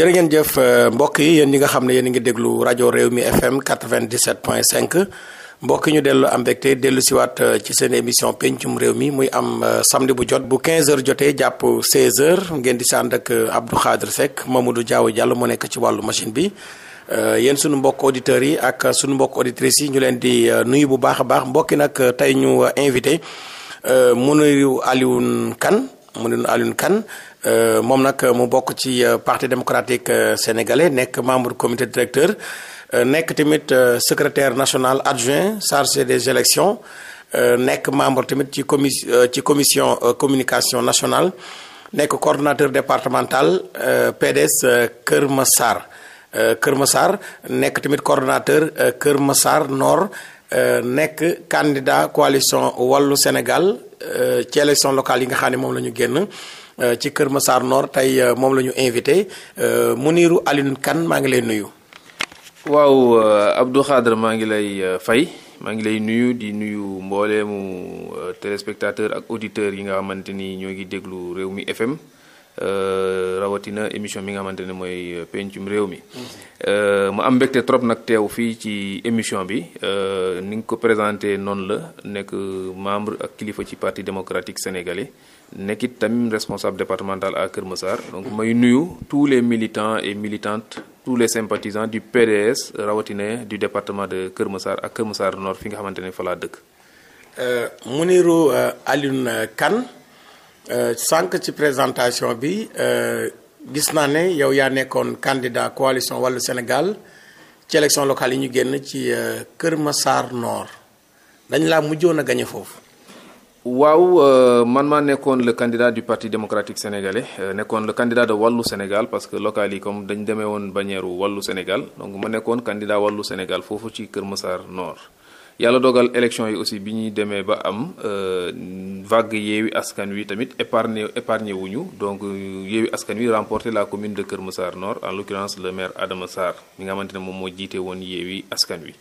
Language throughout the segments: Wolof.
jërë ngeen jëf euh, mbokk yi yéen ñi nga xam ne yéen a ngi déglu rajo réew mi FM 97.5 mbokk yi ñu dellu am mbégte dellu siwaat euh, ci seen émission pencum réew mi muy am euh, samedi bu jot bu 15h jotee jàpp 16 ngeen di si ànd ak Abdou Khadre Seck Mamadou Diaw Diallo mu nekk ci wàllu machine bi. yéen sunu mbokk auditeurs yi ak sunu mbokk auditrices yi ñu leen di nuyu bu baax a baax mbokk yi nag tey ñu invité mu nuyu Alioune kan mu ne Alioune Kane euh, moom nag mu bokk ci euh, parti démocratique euh, sénégalais nekk membre comité directeur nekk tamit secretaire national adjoint chargé des élections nekk membre tamit ci comi ci commission communication nationale nekk coordonnateur départemental PDS Kër Massar Kër Massar nekk tamit coordonnateur Kër Massar Nord nekk candidat coalition Wallu Sénégal Euh, ci élection locale yi nga xam ne moom la ñu génn euh, ci Kër masaar Nord tey euh, moom la ñu mu Mounirou Alioune kan maa ngi lay nuyu. waaw Abdou Khadre maa ngi lay fay maa ngi lay nuyu di nuyu mbooleemu téléspectateur ak auditeurs yi nga xamante ni ñoo ngi déglu réew mi FM. Euh, rawatina émission bi nga xamante ne mooy euh, pencum réew mi. Euh, ma am mbégte trop nag teew fii ci émission bi ni ngi ko présenté noonu la nekk membre ak kilifa ci parti démocratique sénégalais. nekkit tamit responsable départemental ak Kër Massar donc mooy nuyu tous les militants et militantes tous les sympathisants du PDS rawatina du département de Kër Massar ak Kër Massar fi nga xamante ne fa laa dëkk. Mounirou Alioune Kane. Euh, sànq ci présentation bi euh, gis naa ne yow yaa nekkoon candidat coalition wàllu Sénégal ci élection locale yi ñu génn ci euh, Kër Massar Nord dañ laa mujjoon a gañe foofu. waaw euh, man maa nekkoon le candidat du parti démocratique sénégalais euh, nekkoon le candidat de wàllu Sénégal parce que locale yi comme dañ demee woon bannière wàllu Sénégal donc ma nekkoon candidat wàllu Sénégal foofu ci Kër Massar Nord. yàlla dogal élection yi aussi bi ñuy demee ba am euh, vague yeewi askan wi tamit épargné wu ñu donc euh, yeewi askan wi remporté la commune de Kër Massar Nord en l'occurrence le maire Adama Sarr mi nga xamante ne moom moo jiite woon yeewi askan wi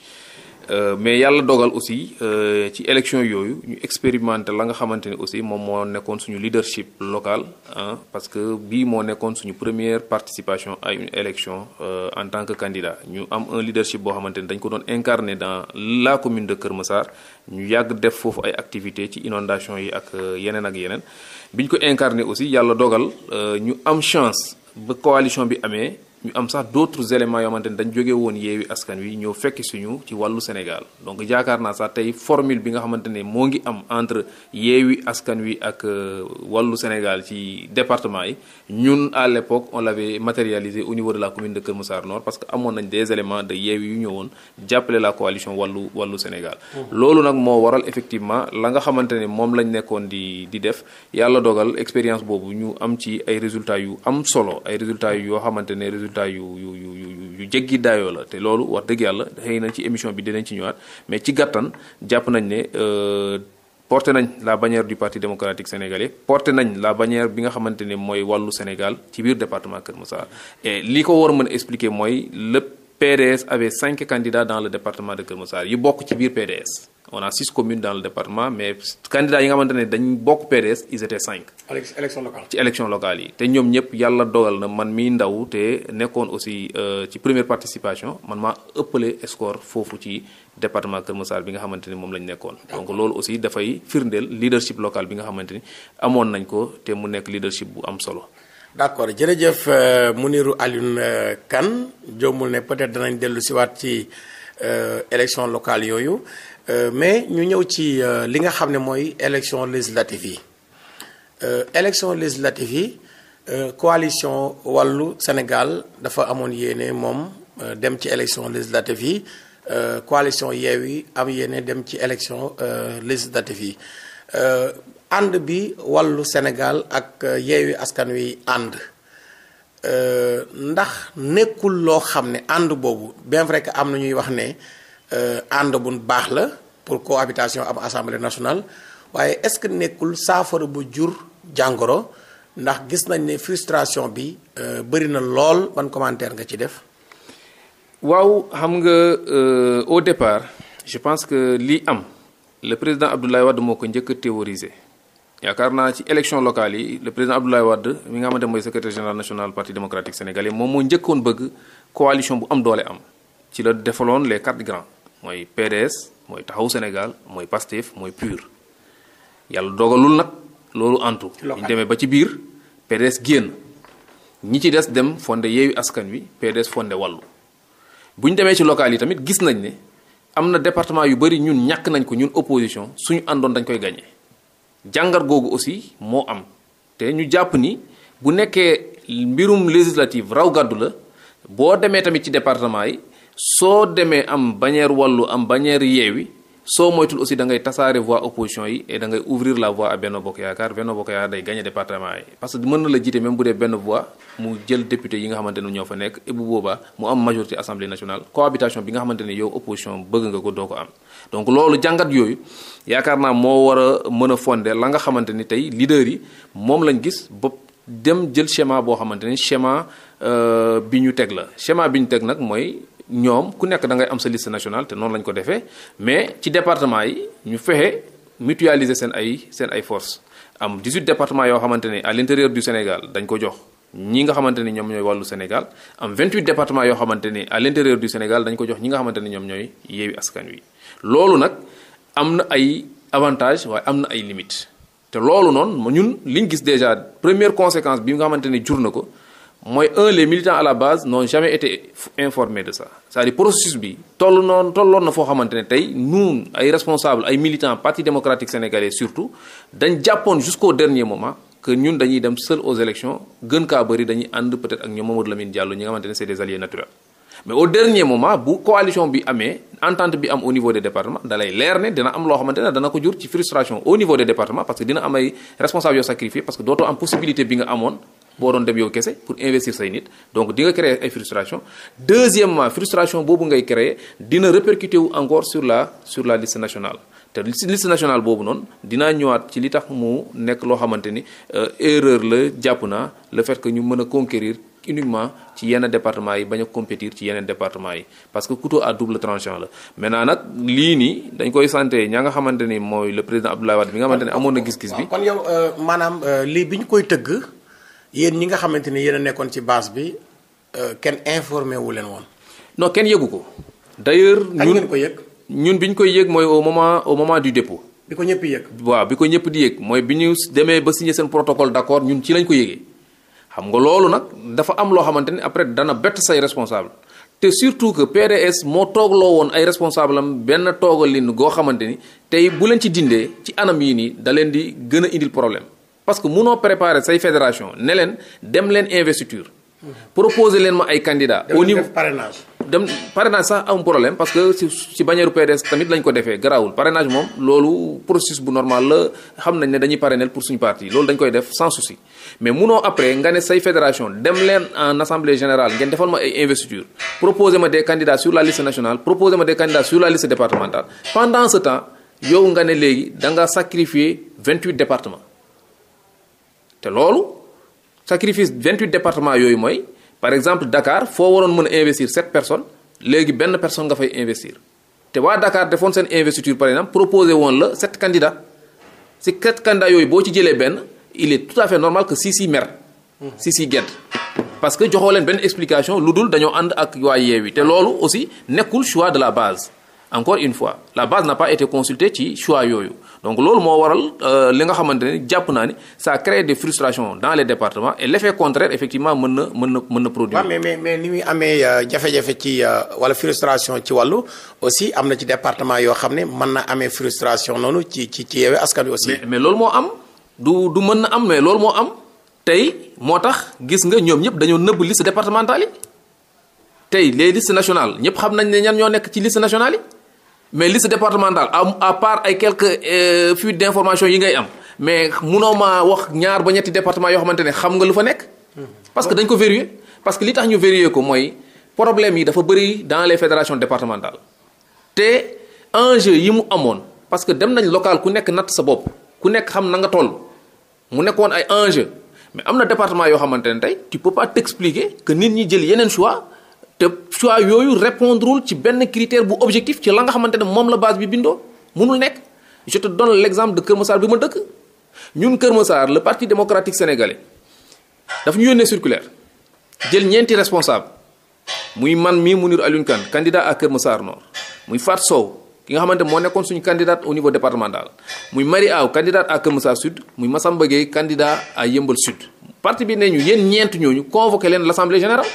Euh, mais yàlla dogal aussi euh, ci élection yooyu ñu expérimenté la nga xamante ne aussi moom moo nekkoon suñu leadership local ah parce que bii moo nekkoon suñu première participation à une élection euh, en tant que candidat ñu am un leadership boo xamante ne dañ ko doon incarné dans la commune de Kër Massar ñu yàgg def foofu ay activités ci inondation yi ak yeneen ak yeneen biñ ko incarné aussi yàlla dogal ñu am chance ba coalition bi amee. ñu am sax d'autres éléments yoo xamante ne dañ jóge woon yeewi askan wi ñoo fekki suñu ci wàllu Sénégal donc jaakaar naa sax tey formule bi nga xamante ne euh, de la commune de Kër que amoon nañ des éléments de yeewi yu ñëwoon jàppale la coalition wàllu wàllu Sénégal. Mmh. loolu nag moo waral la nga xamante ne moom lañ nekkoon di di def yàlla dogal expérience boobu ñu am ci ay résultats yu am solo ay résultats yoo xamante résultat yu yu yu yu jéggi daayoo la te loolu wax dëgg yàlla xëy na ci émission bi dinañ ci ñëwaat mais ci gàttan jàpp nañ ne euh, porte nañ la bannière du parti démocratique sénégalais porté nañ laa bannière bi nga xamante ne mooy wàllu Sénégal ci biir département Kër Moussa et li ko war a mën a expliquer mooy le PDS avait cinq candidats dans le département de Kër Moussa yi bokk ci biir PDS. on a six communes dans le département mais candidats yi nga xamante ne dañ bokk PDS it étaient cinq. élection locale ci élection locale yi. te ñoom ñëpp yàlla dogal na man mii ndaw te nekkoon aussi euh, ci première participation man maa ëppale score foofu ci département Kër Massar bi nga xamante ni moom lañ nekkoon. donc loolu aussi dafay firndeel leadership local bi nga xamante ni amoon nañ ko te mu nekk leadership bu am solo. d' accord jërëjëf euh, niru Alioune euh, kan joomul ne peut-être danañ dellu siwaat ci élection locale yooyu. Euh, mais ñu ñëw ci euh, li nga xam ne mooy élection législative yi euh, élection législative yi coalition wàllu Sénégal dafa amoon yéene moom dem ci élection législative yi coalition Yewwi am yéene dem ci élection législative yi ànd bi wàllu Sénégal ak Yewwi Askan Wi ànd ndax nekkul loo xam ne ànd boobu bien vrai que am na ñuy wax ne Euh, ànd bu baax la pour cohabitation am assemblée nationale waaye est-ce que nekkul saafara bu jur jàngoro ndax gis nañ ni frustration bi euh, bëri na lool ban commentaire nga ci def. waaw xam nga euh, au départ je pense que lii am le président Abdoulaye Wade moo ko njëkk a théorisé yaakaar naa ci élection locale yi le président Abdoulaye Wade mi nga xamante mooy secrétaire général national parti démocratique sénégalais moom moo njëkkoon bëgg coalition bu am doole am ci la defaloon les quatre grands. mooy PDS mooy taxaw Sénégal mooy PASTEF mooy puir yàlla dogalul nag loolu antu ñu demee ba ci biir PDS génn ñi ci des dem fonde yeewi askan wi PDS fonde wàllu bu ñu demee ci local yi tamit gis nañ ne am na département yu bëri ñun ñàkk nañ ko ñun opposition suñu àndoon dañ koy gagné jàngat googu aussi moo am te ñu jàpp ni bu nekkee mbirum législative raw gàddu la boo demee tamit ci département yi soo demee am bannière wàllu am bannière yeewi soo moytul aussi dangay tasaare voix opposition yi et da ouvrir la voie à Benno Bokk Yaakaar Benno Bokk Yaakaar day gagné département yi parce que mën na la jiite même bu dee benn voix mu jël député yi nga xamante ne ñoo fa nekk et bu boobaa mu am majorité assemblée nationale cohabitation bi nga xamante ne yow opposition bëgg nga ko doo ko am donc loolu jàngat yooyu yaakaar naa moo war a mën a fonde la nga xamante ni tey leader yi moom lañ gis bopp dem jël schéma boo xamante ne schéma euh, bi ñu teg la schéma bi ñu teg nag mooy ñoom ku nekk da ngay am sa liste nationale te noonu lañ ko defee mais ci département yi ñu fexe mutualiser seen ay seen ay force am 18 départements yoo xamante ne à l'intérieur du Sénégal dañ ko jox ñi nga xamante ni ñoom ñooy wàllu Sénégal am 28 départements yoo xamante ni à l'intérieur du Sénégal dañ ko jox ñi nga xamante ni ñoom ñooy yeewi askan wi loolu nag am na ay avantages waaye am na ay limites te loolu noonu ñun liñ gis déjà première conséquence bi nga xamante ni jur na ko mooy un les militants à la base n'ont jamais été informés de ça c'est-à-dire bi toll noonu tolloon na foo xamante ne tey ñun ay responsables ay militants parti démocratique sénégalais surtout dañ jàppoon jusqu'au dernier moment que ñun dañuy dem seul aux élections gën kaa bëri dañuy ànd peut-être ak ñoom Mamadou Lamine Diallo ñi nga xamante c'est des alliés naturels mais au dernier moment bu coalition bi amee entente bi am au niveau des départements da loo xamante ne dana ko jur ci frustration au niveau des départements parce que dina am nga amoon boo doon dem yow kese pour investir say nit donc di nga créer ay frustration deuxièmement frustration boobu ngay créer dina répercuter encore sur la sur la liste nationale te liste nationale boobu noonu dinaa ñëwaat ci li tax mu nekk loo xamante ni euh, erreur la jàpp naa le fait que ñu mën a conquérir uniquement ci yenn département yi bañ a compétir ci yeneen département yi parce que couteau à double tranchant la maintenant nag lii nii dañ koy santé ña nga xamante ni mooy le président Abdoulaye Wade bi nga xamante amoon na gis-gis yéen ñi nga xamante ni yéen a nekkoon ci base bi euh, kenn informé wu leen woon. no kenn yëgu ko. d'ailleurs ñun ngeen ko yëg. ñun bi ñu koy yëg mooy au moment au moment du dépôt. bi ko ñëpp yëg. waaw bi ko ñëpp di yëg mooy bi ñu demee ba signé seen protocole d'accord ñun ci lañ ko yëgee xam nga loolu nag dafa am loo xamante ni après dana bett say responsable te surtout que PDS moo toog loo woon ay responsable am benn toogalin goo xamante ni tey bu leen ci dindee ci anam yii nii da leen di gën a indil problème. parce que munoo préparer say fédération neleen leen dem leen investiture. proposer leen ma ay candidats. au niveau parrainage. dem parrainage sax am problème parce que si si bannière PDS tamit lañ moom loolu processus bu normal la xam nañ ne dañuy parrainer pour suñu parti loolu dañ koy def sans souci mais munoo après nga ne say fédération dem leen en assemblée générale ngeen defal ma ay investiture proposer ma des candidats sur la liste nationale proposer ma des candidats sur la liste départementale pendant ce nga ne léegi da nga te loolu sacrifice 28 départements yooyu mooy par exemple dakaar foo waroon mën a investir 7 personnes léegi benn personne nga fay investir te waa Dakar defoon seen investiture par exemple proposé woon la 7 candidats si 7 candidats yooyu boo ci jëlee benn il est tout à fait normal que si si mer. si si gedd parce que joxoo leen benn explication lu dul dañoo ànd ak waa yi te loolu aussi nekkul choix de la base encore une fois la base n'a pas été consultée ci choix yooyu. donc loolu moo waral euh, li nga xamante ne jàpp naa ni ça crée des frustrations dans les départements et l' effet contraire effectivement mën na mën na mën na produire. waaw mais mais ni muy amee euh, jafe-jafe ci euh, wala frustration ci wàllu aussi am na ci département yoo xam ne mën na amee frustration noonu ci ci ci Askan Wi aussi. mais loolu moo am du du mën na am mais loolu moo am tey moo tax gis nga ñoom ñëpp dañoo nëbb liste départementale yi tey les listes nationales ñëpp xam nañ ne ñan ñoo nekk ci liste national yi. mais liste départementale à part ay quelques euh, fuites d'information yi ngay am mais munoo maa wax ñaar ba ñetti département yoo xamante ne xam nga lu fa nekk. parce que dañ ko vérifier parce que li tax ñu vérifier ko mooy problème yi dafa bëri dans les fédérations départementales te enjeu yi mu amoon parce que dem nañ local ku nekk natt sa bopp ku nekk xam nanga nga toll mu nekkoon ay enjeu mais am na département yoo xamante ne tey tu peux pas t'expliquer que nit ñi jël yeneen choix. te choix yooyu répondrewul ci benn critère bu objectif ci la nga xamante ne moom la base bi bindoo mënul nekk je te donne l'exemple de Kër Massar bi ma dëkk ñun Kër Massar la parti démocratique sénégalais daf ñu yónnee circulaire jël ñeenti responsable muy man mii Mounir Alioune Kane candidat à Kër Massar Nord muy Fat soow ki nga xamante moo nekkoon suñu candidate au niveau départemental muy Marie Aw candidate à Kër Massar Sud muy Massamba Gueye candidat à Yëmbal Sud parti bi ne ñu yéen ñeent ñooñu convoqué leen l'assemblée générale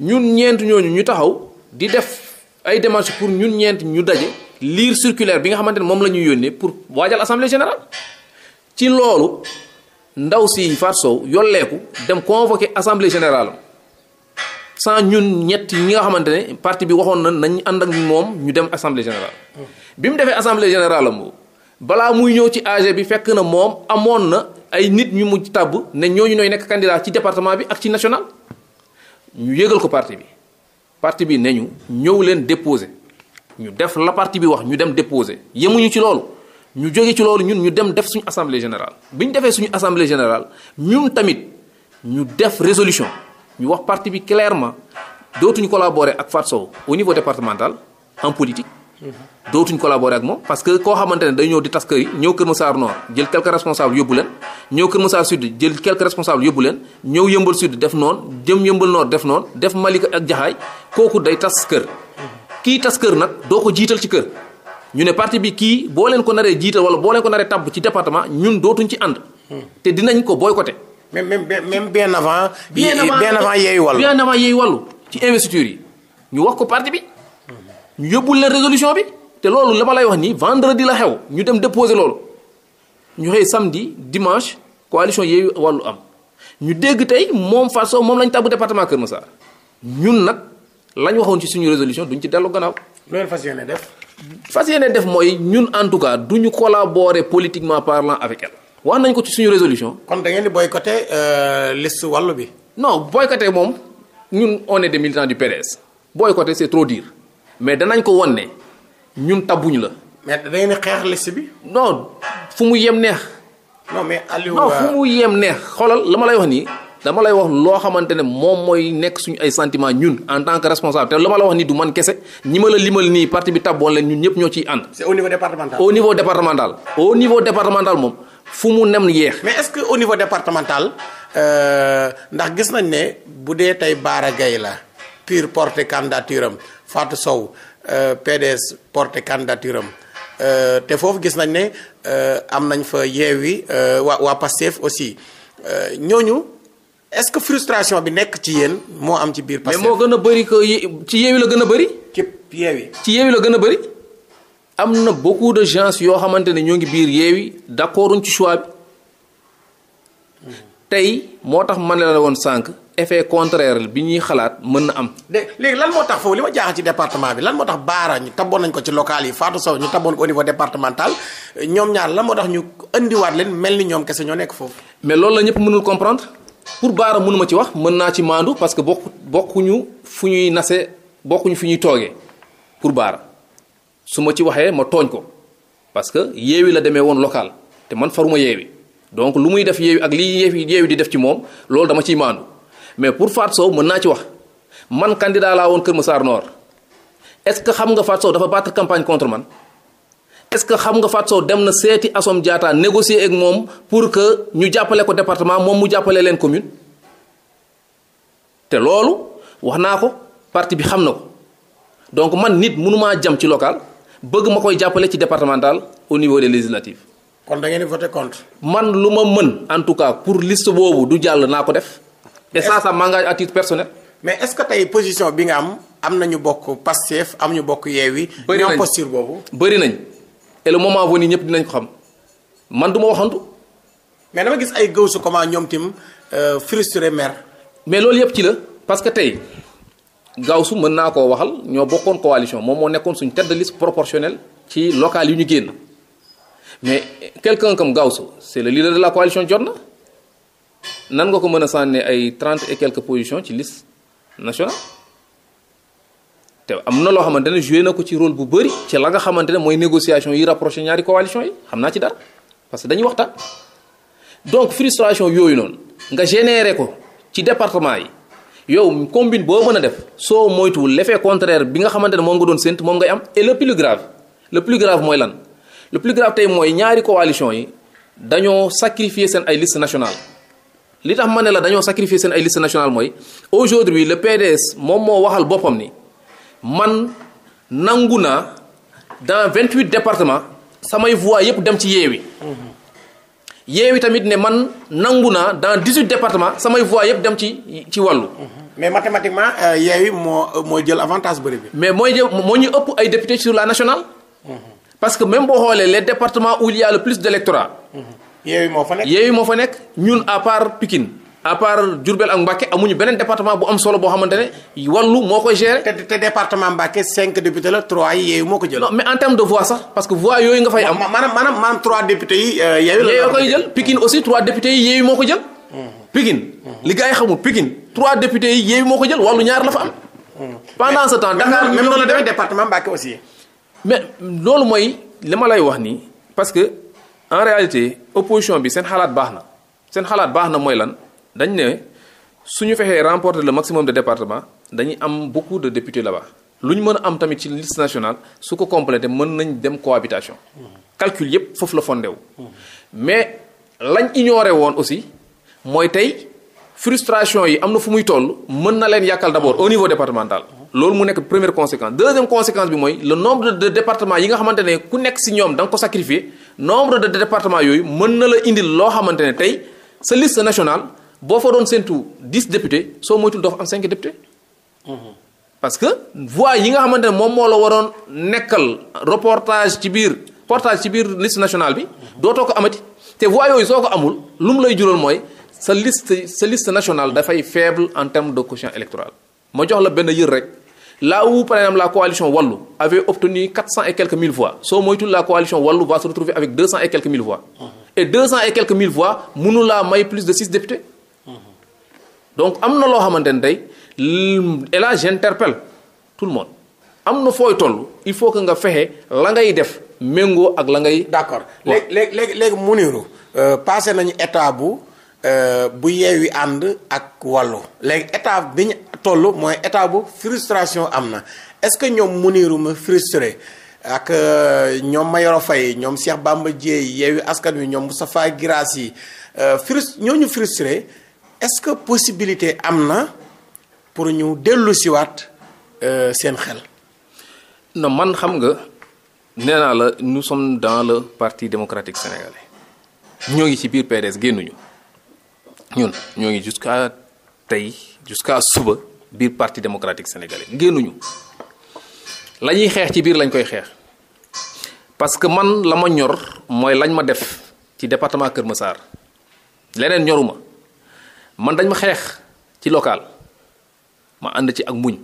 ñun ñeent ñooñu ñu taxaw di def ay démarches pour ñun ñeent ñu daje liir circulaire bi nga xamante ne moom la ñu yónnee pour waajal assemblée générale ci loolu ndaw si Fatou Sow yolleeku dem convoqué assemblée générale sant ñun ñett ñi nga xamante ne parti bi waxoon na nañ ànd ak moom ñu dem assemblée général bi mu defee assemblée général am balaa muy ñëw ci AG bi fekk na moom amoon na ay nit ñu mu tàbb ne ñooñu nooy nekk candidat ci département bi ak ci national ñu yëgal ko parti bi parti bi ne ñu ñëw leen déposé ñu def la parti bi wax ñu dem déposé yemuñu ci loolu ñu jóge ci loolu ñun ñu dem def suñu assemblée générale bi ñu defee suñu assemblée générale ñun tamit ñu def résolution ñu wax parti bi clairement dootuñu collaborer ak Fatou Sow au niveau départemental en politique dootuñ collaborer ak moom parce que koo xamante ne day ñëw di tas kër yi ñëw Kër Massar Nord jël quelques responsables yóbbu leen ñëw Kër Massar Sud jël quelques responsables yóbbu leen ñëw Yëmbal Sud def noon jëm Yëmbal Nord def noonu def Malika ak Jaxaay kooku day tas kër kii tas kër nag doo ko jiital ci kër ñu ne parti bi kii boo leen ko naree jiital wala boo leen ko naree tàbb ci département ñun dootuñ ci ànd te dinañ ko boycotté même même même bien avant bien avant yeey wàllu bien avant yeey wàllu ci investiture yi ñu yóbbul leen résolution bi te loolu lama lay wax nii vendredi la xew ñu dem déposer loolu ñu xëy samedi dimanche coalition Yewwi Wàllu am ñu dégg tey moom Fatou moom lañ tàbb département Kër Massar ñun nag lañ waxoon ci suñu résolution duñu ci dellu gannaaw. loolu fas yéene def. fas yéene def mooy ñun en tout cas du ñu collaborer politiquement parlant avec elle. wax nañ ko ci suñu résolution. kon da ngeen di boycotter euh, liste wàllu bi. non boycotter moom ñun on est des militants du PDS boycotter c'est trop mais danañ ko won ne ñun tabuñ la. mais da ngeen xeex liste bi. non fu mu yem neex. non mais Aliou non fu euh, mu xoolal lu ma lay wax nii dama lay wax loo xamante ne moom mooy nekk suñu ay sentiment ñun en tant que responsable te la ma la wax nii du man kese ñi ma limal nii parti bi taboon leen ñun ñëpp ñoo ciy ànd. c'est au niveau départemental. au niveau départemental. moom fu mu nem yeex. mais est-ce que au niveau départemental euh, ndax gis nañ ne bu dee tey Bara Gaye la pur porter candidature am Fatou Sow euh, PDS porté candidature am euh, te foofu gis nañ ne euh, am nañ fa yeewi waa waa Pastef aussi ñooñu est-ce que frustration bi nekk ci yéen moo am ci biir. Pastef mais moo gën a bëri que ci yeewi la gën a bëri. ci yeewi. ci yeewi la gën a bëri. am na beaucoup de gens yoo xamante ne ñoo ngi biir yeewi d'accorduñ ci choix bi tey moo tax man la woon sànq effet contraire bi ñuy xalaat mën na am. léegi lan moo tax foofu li ma jaaxal ci département bi lan moo tax Baara ñu taboon nañ ko ci local yi Fatou Sow ñu taboon ko au niveau ñoom ñaar lan moo tax ñu indiwaat leen mel ni ñoom kese ñoo nekk foofu. mais loolu la ñëpp mënul comprendre pour Baara mënuma ci wax mën naa ci maandu parce que bokku ñu fu ñuy nase bokkuñu fu ñuy toogee pour Baara su ma ci waxee ma tooñ ko parce que yeewi la demee woon local te man faruma yeewi donc lu muy def yeewi ak lii yeewi di def ci moom loolu dama ciy maandu. mais pour Fatou Sow mën naa ci wax man candidat laa woon Kër Massar Nord est-ce que xam nga Fatou Sow dafa battre campagne contre man est-ce que xam nga Fatou Sow dem na seeti Assome Diatta négocier ak moom pour que ñu jàppale ko département moom mu jàppale leen commune te loolu wax naa ko parti bi xam na ko donc man nit mënumaa jam ci local bëgg ma koy jàppale ci départemental au niveau des législatives. kon da ngeen man lu ma mën en tout cas pour list boobu du jàll naa ko def. et ça ça m'engage à titre personnel. mais est-ce que tey position bi nga am am nañu bokk Pastef am ñu bokk Yewwi. bëri nañ posture boobu. bëri nañ et moment venu ñëpp dinañ ko xam man du ma waxantu. mais dama gis ay gëwsu comment ñoom tim euh, frustré maire. mais loolu yëpp ci la parce que tey gawsu mën naa koo waxal ñoo bokkoon coalition moom moo nekkoon suñu tête de liste proportionnelle ci local yu ñu génn mais quelqu'un comme gawsu c'est le leader de la coalition jot na. nan nga ko mën a sànnee ay trente et quelques positions ci liste nationale te am na loo xamante ne joué na ko ci rôle bu bëri ci la nga xamante ne mooy négociation yi rapproché ñaari coalition yi xam naa ci dara parce que dañuy waxtaan donc frustration yooyu noonu nga généré ko ci département yi yow combine boo mën a def soo moytuwul l'effet contraire bi nga xamante ne moom nga doon sent moom ngay am et le plus grave le plus grave mooy lan le plus grave tey mooy ñaari coalition yi dañoo sacrifier seen ay liste nationale li tax ma ne la dañoo sacrifier seen ay liste nationale mooy aujourd'hui le PDS moom moo waxal boppam ni man nangu naa dans 28 départements samay voix yépp dem ci Yewwi mhm. Yewwi tamit ne man nangu naa dans 18 départements samay voix yépp dem ci ci Wallu mhm. mais mathématiquement euh, Yewwi moo moo jël avantage bëri mais mooy jël moo ñu ëpp ay députés sur la nationale mhm. parce que même boo xoolee les départements où il le plus d'électorat yeewi moo fa nekk yeewi moo fa nekk ñun à part Pikine à part Diourbel ak Mbacké amuñu beneen département bu am solo boo xamante ne moo koy gérer. te te département Mbacké cinq députés la trois yi yeewi moo ko jël. non mais en terme de voix sax parce que voix yooyu nga fay am. maanaam maanaam maanaam trois députés yi euh, yeewi moo ko jël. Mm-hmm. Pikine mm-hmm. li gars yi xamul Pikine trois députés yi yeewi moo ko jël wàllu ñaar la fa am. Mm-hmm. pendant ce temps Dakar même noonu la demee département Mbacké aussi. mais loolu mooy li ma lay wax nii parce que en réalité. opposition bi seen xalaat baax na seen xalaat baax na mooy lan dañ ne su ñu fexee remporter le maximum de département dañuy am beaucoup de députés la bas lu ñu mën a am tamit ci liste national su ko complété mën nañ dem cohabitation calcul yépp foofu la fondé mais lañ ignoré woon aussi mooy tey frustration yi am na fu muy toll mën na leen yàkkal d'abord au niveau départemental loolu mu nekk première conséquence deuxième conséquence bi mooy le nombre de départements yi nga xamante ne ku nekk si ñoom da nga ko sacrifier nombre de départements yooyu mën na la indil loo xamante ne tey sa liste nationale boo fa doon séntu 10 députés soo moytul doo fa am 5 députés. Mhm. parce que voix yi nga xamante ne moom moo la waroon nekkal reportage ci biir portage ci biir liste nationale bi. Mhm. dootoo ko amati te voix yooyu soo ko amul lu mu lay jural mooy sa liste sa dafay faible en terme de quotient électoral ma jox la benn yër rek. là où par exemple la coalition Wallu avait obtenu 400 et quelques mille voix soo moytul la coalition Wallu va se retrouver avec 200 et quelques mille voix et 200 mille voix mënu laa may plus de 6 députés donc am na loo xamante ne day et là j'interpelle tout le monde am na fooy toll il faut que nga fexe la ngay def méngoo ak la ngay d'accord léegi léegi léegi Mounirou euh, passé nañu état bu Euh, bu yeewi ànd ak wàllu léegi état bi ñu toll mooy état bu frustration am na est-ce que ñoom muniru ma frustré ak euh, ñoom Mayoro Faye ñoom Cheikh Bamba Dièye yeewi askan wi ñoom Moustapha yi euh, frus ñooñu frustré est-ce que possibilité am na pour ñu dellu siwaat seen xel non man xam nga nee naa la nu sommes dans le partie démocratique sénégalais ñoo ngi ci biir PDS génnuñu ñun ñoo ngi jusqu'à tey jusqu'à suba biir parti démocratique sénégalais génnuñu la ñuy xeex ci biir lañ koy xeex parce que man la ma ñor mooy lañ ma def ci département Kër Massar leneen ñoruma man dañ ma xeex ci local ma ànd ci ak muñ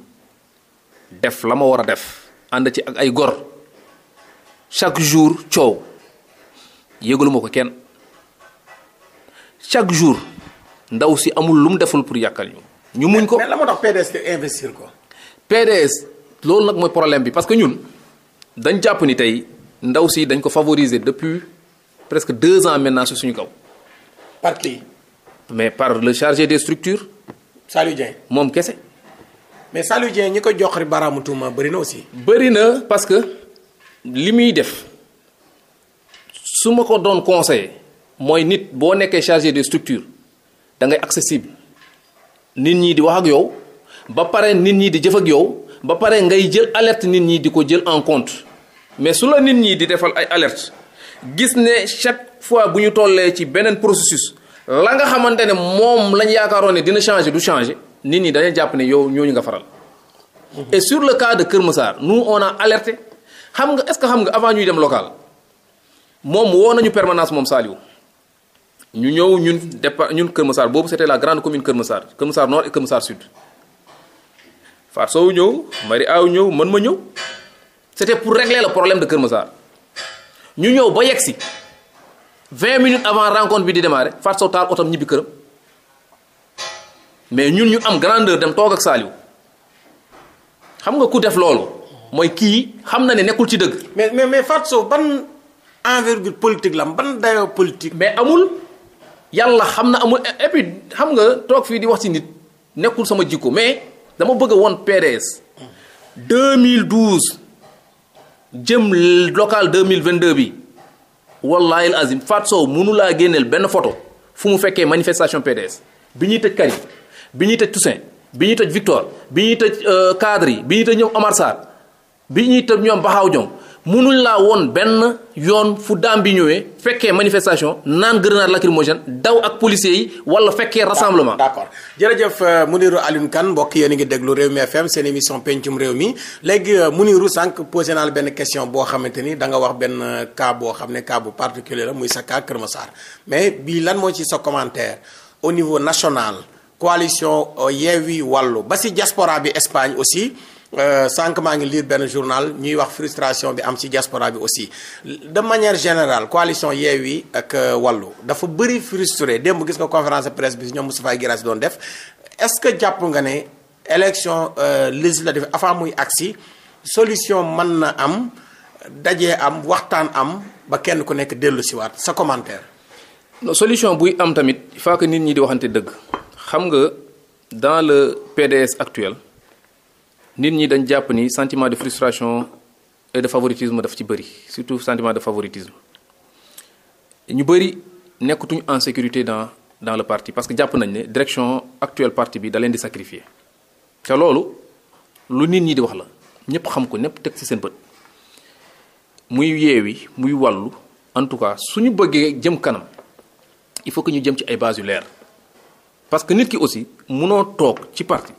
def la ma war a def ànd ci ak ay gor chaque jour coow yëgaluma ko kenn chaque jour. ndaw si amul lu mu deful pour yàkkal ñu. ñu muñ ko mais investir ko. PDS loolu nag mooy problème bi parce que ñun dañ jàpp ni tey ndaw si dañ ko favoriser depuis presque deux ans maintenant si suñu kaw. parti. mais par le chargé des structures. Saliou Dieng moom kese. mais Saliou Dieng ñi ko jox baraamu tuuma bëri na aussi. bëri na parce que li muy def su ma ko doon conseillé mooy nit boo nekkee chargé des structures. da ngay accessible nit ñi di wax ak yow ba pare nit ñi di jëf ak yow ba pare ngay jël alerte nit ñi di ko jël en compte mais su la nit ñi di defal ay alerte gis ne chaque fois bu ñu tollee ci beneen processus la nga xamante ne moom lañ yaakaaroon ne dina changer du changer nit ñi dañuy jàpp ne yow ñooñu nga faral. et sur le cas de Kër Massar nous on a alerté xam nga est-ce que xam nga avant ñuy dem local moom woo nañu permanence moom Saliou. ñu ñëw ñun départ ñun Kër Massar boobu c'était la grande commune Kër Massar Kër Massar nord et Kër Massar sud Fatou ñëw Marie Aw ñëw man ma ñëw c'était pour régler le problème de Kër Massar ñu ñëw ba yegg si 20 minutes avant rencontre bi di démarrer Fatou Sow taal otom ñibbi ñun ñu am grandeur dem toog ak Saliou nga ku def loolu mooy kii xam na ne nekkul ci dëgg. mais mais mais Fatou Sow ban envergure politique la ban dayoo politique. mais amul. yàlla xam na amul et xam nga toog fii di wax ci nit nekkul sama jikko mais dama bëgg a woon PDS 2012 jëm vingt 2022 bi wallahi azim Fat Sow mënu laa génneel benn photo fu mu fekkee manifestation PDS bi ñuy tëj Karim bi ñuy tëj Toussaint bi ñuy tëj Victor bi ñuy tëj euh, cadre yi bi ñuy tëj ñoom Omar bi ñuy tëj ñoom Baxaaw Jom mënuñ laa woon benn yoon fu daam bi ñëwee fekkee manifestation naan grenade lacrymogène daw ak policiers yi wala fekkee rassemblement. d'accord jërëjëf euh, Mounirou Alioune Kane mbokk yéen a ngi déglu Rewmi FM seen émission pencum réew mi léegi euh, Mounirou sànq posé naa la benn question boo xamante ni danga wax benn euh, cas boo xam ne cas bu particulier muy sa cas Kër Massar mais bii lan moo ci sa commentaire au niveau national coalition Yewwi Wàllu ba si diaspora bi Espagne aussi. Euh, sànq maa ngi liir benn journal ñuy wax frustration bi am ci diaspora bi aussi de manière générale coalition Yewwi ak euh, Wallu dafa bëri frustré démb gis nga conférence de presse bi ñoom Moustapha Guirassy doon def est-ce que jàpp nga ne élection euh, législative avant muy agsi solution man na am dajee am waxtaan am ba kenn ku nekk dellu si waat sa commentaire. non solution buy am tamit il faut nit ñi di waxante dëgg xam nga dans le PDS actuel. nit ñi dañ jàpp ni sentiment de frustration et de favoritisme daf ci bëri surtout sentiment de favoritisme ñu bëri nekkatuñu en sécurité dans dans le parti parce que jàpp nañ ne direction actuelle parti bi daleen leen di sacrifier te loolu lu nit ñi di wax la ñëpp xam ko ñëpp teg ci seen bët muy yeewi muy wàllu en tout cas suñu bëggee jëm kanam il faut que ñu jëm ci ay bases yu leer parce que nit ki aussi mënoo toog ci parti.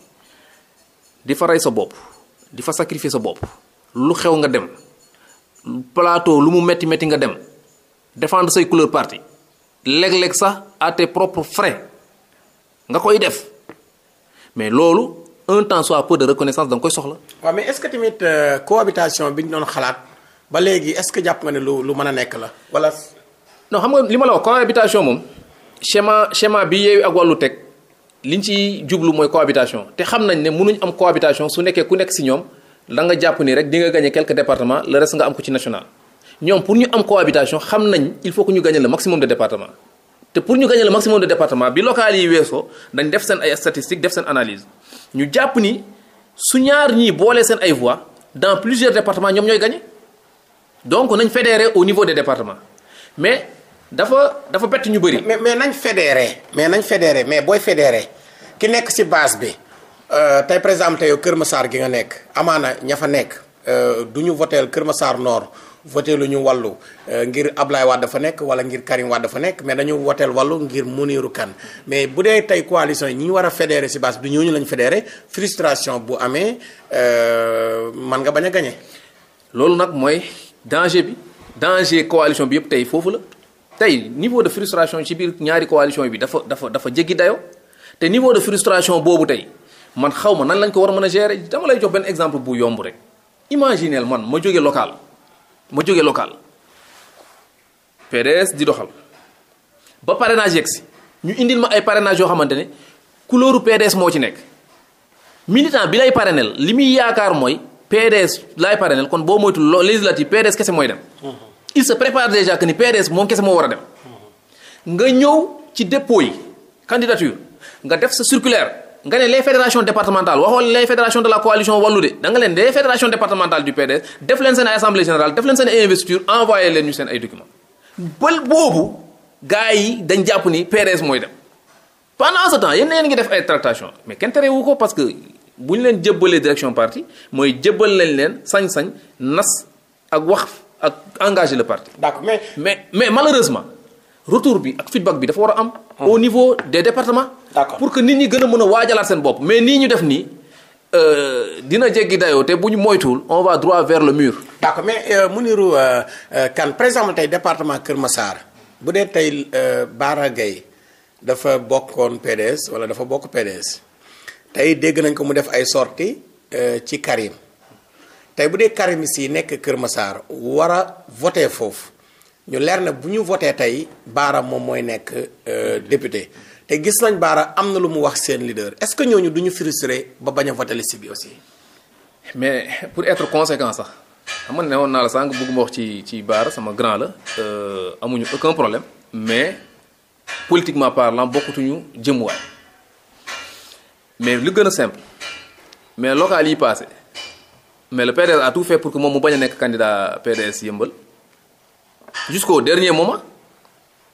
di fa rey sa bopp di fa sacrifier sa bopp lu xew nga dem plateau lu mu metti metti nga dem défendre say couleur parti léeg-léeg sax à tes propres frais nga koy def mais loolu un temps soit peu de reconnaissance da nga koy soxla. waaw mais est-ce tamit euh, cohabitation bi ñu doon xalaat ba léegi est-ce que jàpp nga ne lu lu mën a nekk la wala. non xam nga li ma la wax cohabitation moom schéma schéma bi yeewu ak wàllu teg. li liñ ci jublu mooy cohabitation te xam nañ ne mënuñ am cohabitation su nekkee ku nekk si ñoom da jàpp ni rek dinga nga gagné quelques départements le nga am ko ci national ñoom pour ñu am cohabitation xam nañ il faut que ñu gagné le maximum de département te pour ñu gagné le maximum de département bi local yi weesoo dañ def seen ay statistiques def seen analyse ñu jàpp ni su ñaar ñii boolee seen ay voix dans plusieurs départements ñoom ñooy gagné donc nañ fédéré au niveau des départements mais dafa dafa bett ñu bëri. mais mais nañ fédéré mais nañ fédéré mais booy fédéré. ki nekk ci base bi euh, tey par exemple tey Kër Massar gi nga nekk amaana ña fa nekk euh, du ñu voteel Kër Massar Nord voté lu ñu wàllu euh, ngir Ablaye Wade dafa nekk wala ngir Karim Wade dafa nekk mais dañu woteel wàllu ngir Mounirou kan mais bu dee tey coalition yi ñi ñu war a fédéré si base bi ñooñu lañ fédéré frustration bu amee man nga bañ a gañe loolu nag mooy danger bi danger coalition bi yëpp tey foofu la tey niveau de frustration ci biir ñaari coalition bi dafa dafa dafa jéggi dayoo. te niveau de frustration boobu tey man xaw ma nan lañ ko war a mën a gérer dama lay jox benn exemple bu yomb rek imagineel man ma jóge local ma jóge local PDS di doxal ba parrainage yegg si ñu indil ma ay parrainage yoo xamante ne couleuru PDS moo ci nekk militant bi lay parrainel li muy yaakaar mooy PDS laay parrainel kon boo moytul lo législative PDS kese mooy dem. Mhm. il se prépare déjà que ni PDS moom kese moo war a dem. Mhm. nga ñëw ci dépôt yi candidature. nga def sa circulaire nga ne les fédérations départementales waxoon les fédérations de la coalition wàllu de da nga leen les fédérations départementales du PDS def leen seen ay assemblée générale def leen seen ay investiture envoyé leen ñu seen ay documents bal boobu gars yi dañ jàpp ni PDS mooy dem pendant ce temps yenn yéen ngi def ay tractations mais kenn terewu ko parce que bu ñu leen jébbalee direction parti mooy jébbal lañ leen sañ-sañ nas ak wax ak engager le parti. d'accord mais mais mais malheureusement. retour bi ak feedback bi dafa war a am. au hmm. niveau de départements. pour que nit ñi gën a mën a waajalaat seen bopp mais nii ñu def nii. Euh, dina jéggi dayoo te bu ñu moytuwul on va droit vers le mur. mais euh, Mounirou euh, Kane par département Kër bu dee tey Bara Gaye dafa bokkoon PDS wala dafa bokk PDS tey dégg nañ ko mu def ay sorties ci Karim tey bu dee Karim si nekk Kër Massar war a voter foofu. ñu leer ne bu ñu voté tey baaram moom mooy nekk euh, député te gis nañ Baara am na lu mu wax seen leader est-ce que ñooñu du ñu frustré ba bañ a voté liste bi aussi. mais pour être conséquent sax xam nga ne woon naa la sànq bëgguma wax ci ci Baara sama grand la euh, amuñu aucun problème mais politiquement parlant bokkutuñu jëmuwaay mais lu gën a simple mais local yi passé mais le PDS a tout fait pour que moom mu bañ a nekk candidat PDS yëmbal. jusqu'au dernier moment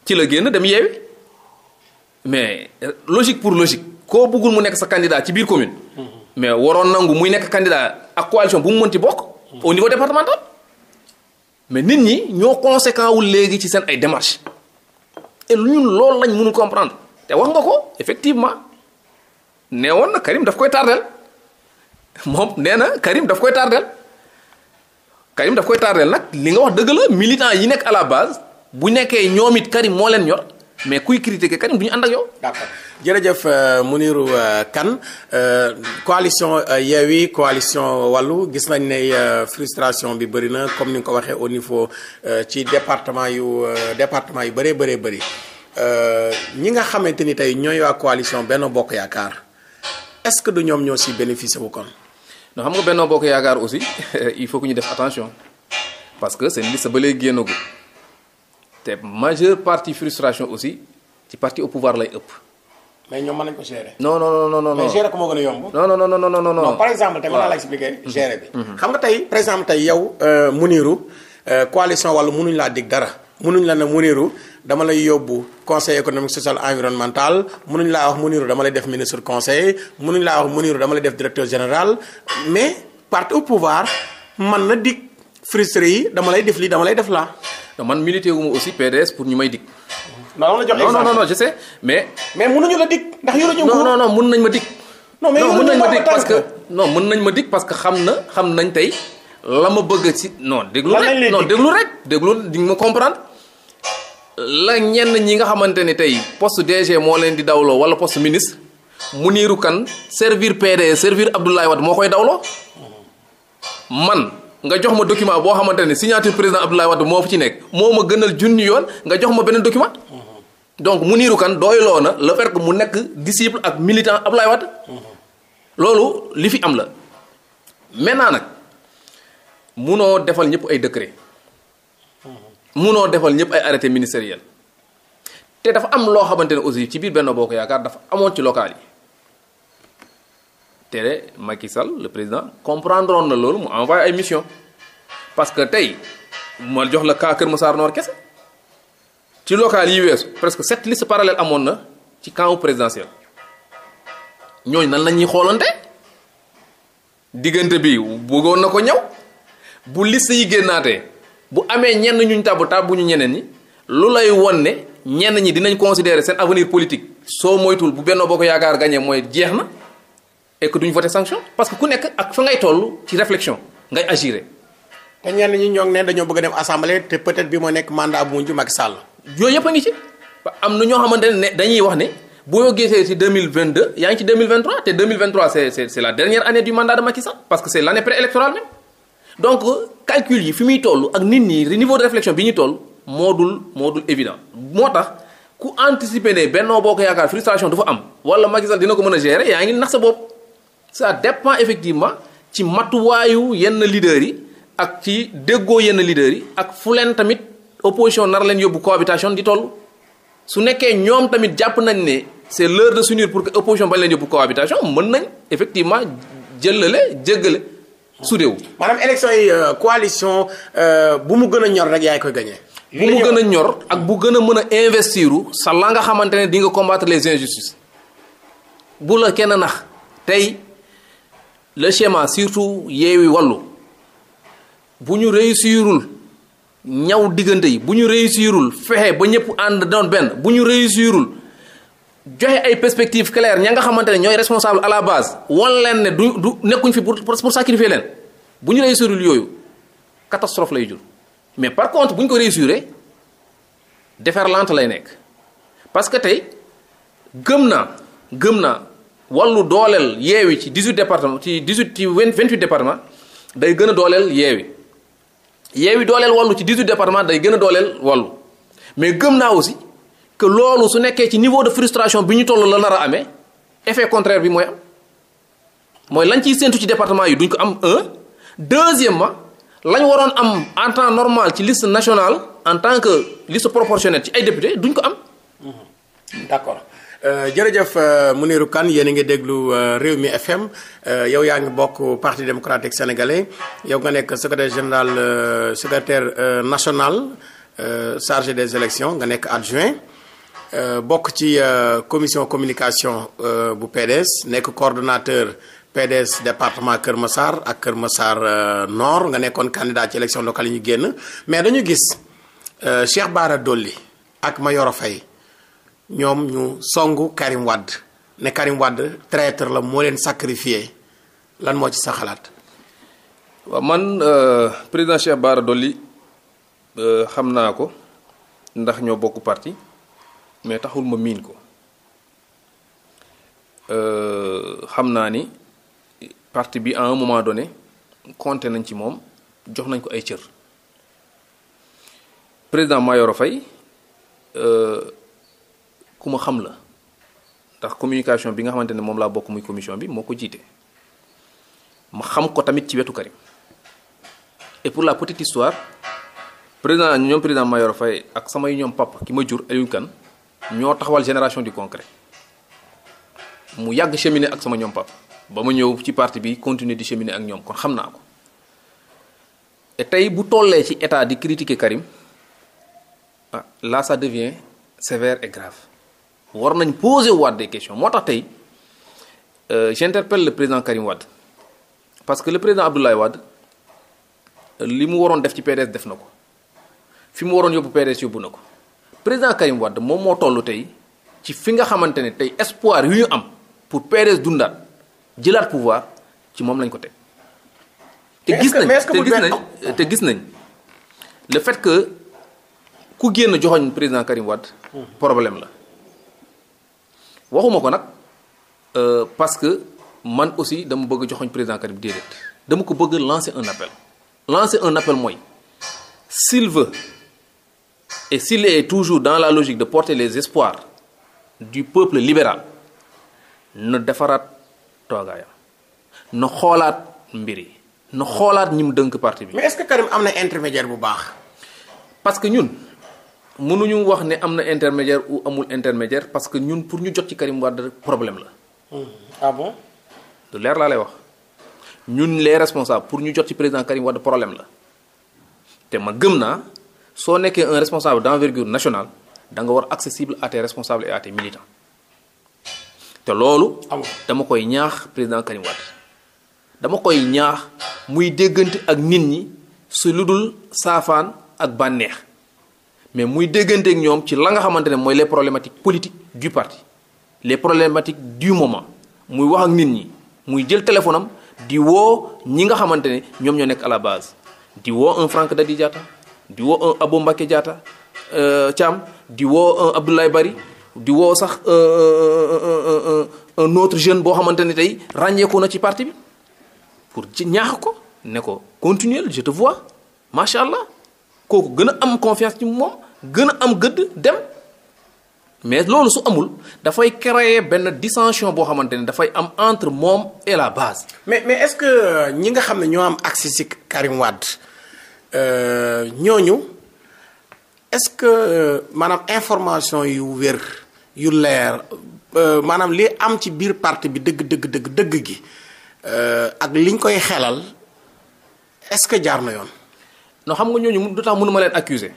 ci la génn dem yeewi mais logique pour logique koo buggul mu nekk sa candidat ci biir commune. Mhm. mais waroon nangu muy nekk candidat ak coalition bu mu mënti bokk. au niveau départemental. mais nit ñi ñoo conséquent wul léegi ci seen ay démarches et ñun loolu lañ mënul comprendre te wax nga ko effectivement nee woon na Karim daf koy tardel moom nee na Karim daf koy tardel Karim daf koy tardeel nag li nga wax dëgg la militant yi nekk à bu nekkee ñoom it Karim moo leen ñor mais kuy critiquer Karim du ñu ànd ak yow. jërëjëf jërëjëf euh, Mounirou euh, kan euh, coalition Yewwi coalition Wallu gis nañ ne frustration bi bëri na comme ni nga ko waxee au niveau ci département yu département yu bëree bëree bëri ñi nga xamante ni tey ñooy waa coalition benn Bokk Yaakaar est-ce que du ñoom ñoo si bénéficier wu kon. non xam nga Benno Bokk Yaakaar aussi il faut que ñu def attention parce que seen liste ba lay génnagul te majeure partie frustration aussi ci parti au pouvoir lay ëpp. mais ñoom mën nañ ko gérer. non non non non non mais gérer ko moo gën a yomb. non non non non non non par exemple te mën naa la expliquer mhm. gérer bi. Mhm. xam nga tey par exemple tey yow euh, Mounirou euh, coalition wala munuñu laa dig dara mënuñ la ne mu Mounirou. dama lay yóbbu conseil économique social environnemental mënuñ laa wax Mounirou dama lay def ministre conseil mënuñ laa wax Mounirou dama lay def directeur général mais parti au pouvoir man na dig frustré yi dama lay def lii dama lay def laa. man milité wu ma aussi PDS pour ñu may dig. non la jox exemple non non ndax yoruñu. non non non mën nañ ma dig. non mais mën nañ ma dig parce que non mën nañ ma dig parce que xam na xam nañ tey la ma bëgg ci non déglu rek non déglu rek déglu di nga ma comprendre. la ñenn ñi nga xamante ni tey poste DG moo leen di dawloo wala poste ministre niiru kan servir PDS servir Abdoulaye Wade moo koy dawloo man nga jox ma document boo xamante ne signature président Abdoulaye Wade moo fi ci nekk moo ma gënal junni yoon nga jox ma beneen document donc Mounirou Kane doyloo na la fait que mu nekk disciple ak militant Abdoulaye Wade loolu li fi am la naa nag munoo defal ñëpp ay décret munoo defal ñëpp ay arrêté ministériel te dafa am loo xamante ne aussi ci biir benn boo ko Yaakaar dafa amoon ci local yi te Macky Sall le président comprendre woon na loolu mu envoyé ay mission parce que tey ma jox la cas Kër Massar noor kese ci local yi wees presque sept listes parallèles amoon na ci camp présidentiel ñooñ nan la ñuy xoolante diggante bi bëggoon na ko ñaw bu liste yi naate bu amee ñenn ñuñ tàbb tàbbu ñu ñeneen ñi lu lay won ne ñenn ñi dinañ considérer seen avenir politique soo moytul bu Benno Bokk Yaakaar gañee mooy jeex na et duñ voté sanction parce que ku nekk ak fa ngay toll ci réflexion ngay agiré. te ñenn ñi ñoo ngi ne dañoo bëgg a dem assemblée te peut bi moo nekk mandat bu mujj Macky Sall. yooyu yëpp a ngi ci am na ñoo xamante ne dañuy wax ne boo gisee ci 2022 yaa ngi ci 2023 te 2023 donc calcul yi fi muy toll ak nit ñi niveau de réflexion bi ñu toll moo dul moo dul évident moo tax ku anticiper ne Benno Bokk Yaakaar frustration dafa am wala Macky dina ko mën a gérer yaa ngi nax sa bopp ça dépend effectivement ci matuwaayu yenn leaders yi ak ci déggoo yenn leaders yi ak fu leen tamit opposition nar leen yóbbu cohabitation di toll su nekkee ñoom tamit jàpp nañ ne c'est l'heure de s'unir pour que opposition bañ leen yóbbu cohabitation mën nañ effectivement jëllale jéggale soudé wu. maanaam élection yi euh, coalition euh, bu mu gën a ñor rek yaay koy gagné. a ñor ak bu gën a mën a investiru sa la nga xamante ne di nga combattre les injustices bu la kenn nax tey le schéma surtout yeewi wàllu bu ñu réussirul ñaw diggante yi bu ñu réussirul fexe ba ñëpp ànd doon benn bu ñu réussirul. joxe ay perspectives claires ña nga xamante ne ñooy responsable à la base wan leen ne du du nekkuñ fi pour pour sacrifier leen bu ñu réussirul yooyu catastrophe lay jur mais par contre bu ñu ko réussiree déferlante lay nekk parce que tey gëm naa gëm naa wallu dooleel yeewi ci 18 département ci 18 ci 28 département day gën a dooleel yeewi yeewi dooleel wàllu ci 18 département day gën a dooleel wàllu mais gëm naa aussi. que loolu su nekkee ci niveau de frustration bi ñu toll la nar amee effet contraire bi mooy am mooy lañ ciy séentu ci département yi duñ ko am un ma lañ waroon am en temps normal ci liste national en tant que liste proportionnelle ci ay député duñ ko am. d'accord. Euh, jërëjëf euh, Mounirou kan yéen a ngi déglu euh, réew mi FM yow yaa ngi bokk parti démocratique sénégalais yow nga nekk secrétaire général secrétaire national chargé des élections nga nekk adjoint Euh, bokk ci euh, commission communication euh, bu PDS nekk coordonnateur PDS département Kër masaar ak Kër masaar noor nga nekkoon candidat ci élection locale yi ñu génn mais dañu gis Cheikh Bara Dolly ak Mayoro Faye ñoom ñu song Karim Wade ne Karim Wade traître la moo leen sacrifié lan moo ci sa xalaat. waaw man président Cheikh Bara Dolly xam naa ko ndax ñoo bokk parti. mais taxul ma miin ko euh, xam naa ni parti bi à un moment donné compté nañ ci moom jox nañ ko ay cër président Mayoro Faye euh, ku ma xam la ndax communication bi nga xamante ne moom laa bokk muy commission bi moo ko jiite ma xam ko tamit ci wetu Karim et pour la petite histoire président ñoom président Mayoro Faye ak samay ñoom papa ki ma jur Aliou Kane ñoo taxawal génération du concret mu yàgg cheminer ak sama ñoom pap ba ma ñëw ci parti bi continuer di cheminer ak ñoom kon xam naa ko et tey bu tollee ci état di critiquer Karim ah là ça devient sévère et grave war nañ poser waat des question moo tax tey euh, j'interpelle le président Karim Wade parce que le président Abdoulaye Wade li mu waroon def ci PDS def na ko fi mu waroon yóbbu PDS yóbbu na ko. président Karim Wade moom moo tollu tey ci fi nga xamante ne tey espoir yu ñu am pour PDS dundaat jëlaat pouvoir ci moom lañ ko teg. te gis nañ te gis nañ te gis nañ le fait que ku génn joxoñ président Karim Wade. Hmm. problème la waxuma ko nag euh, parce que man aussi dama bëgg joxoñ président Karim déedéet dama ko bëgg lancé un appel lancer un appel mooy s'il et s'il est toujours dans la logique de porter les espoirs du peuple libéral na defaraat toogaayam na xoolaat mbir yi na xoolaat ñi mu dënk parti bi. mais est-ce que Karim am na intermédiaire bu baax. parce que ñun mënuñu wax ni am na intermédiaire ou amul intermédiaire parce que ñun pour ñu jot ci Karim Wade problème la. ah bon. leer laa lay wax ñun les responsable pour ñu jot ci président Karim de problème la te ma gëm naa. soo nekkee un responsable d'envergure national da nga war accessible à tes responsables et à tes te loolu. dama koy ñaax président Karim Wade dama koy ñaax muy déggante ak nit ñi si lu dul saafaan ak bànneex mais muy déggante ak ñoom ci la nga xamante ne mooy les problématiques politique du parti les problématiques du moment muy wax ak nit ñi muy jël téléphone am di woo ñi nga xamante ne ñoom ñoo nekk à la base di woo un Franck Dadi Diatta di woo un Abou Mbacké Diatta euh, Thiam di woo un Abdoulaye Bari di woo sax un euh, euh, un autre jeune boo xamante ne tey ràññeeku na ci parti bi pour ci ñaax ko ne ko continuer je te vois macha allah kooku gën a am confiance ci moom gën a am gëdd dem mais loolu su amul dafay créer benn dissension boo xamante ne dafay am entre moom et la base. mais mais est-ce que ñi nga xam ne ñoo am accès ci Karim Wade. Euh, ñooñu est-ce que euh, maanaam information yu wér yu leer euh, maanaam li am ci biir parti bi dëgg dëgg dëgg dëgg gi ak liñ koy xelal est-ce que jaar na yoon. non xam nga ñooñu du tax mënu ma leen accuser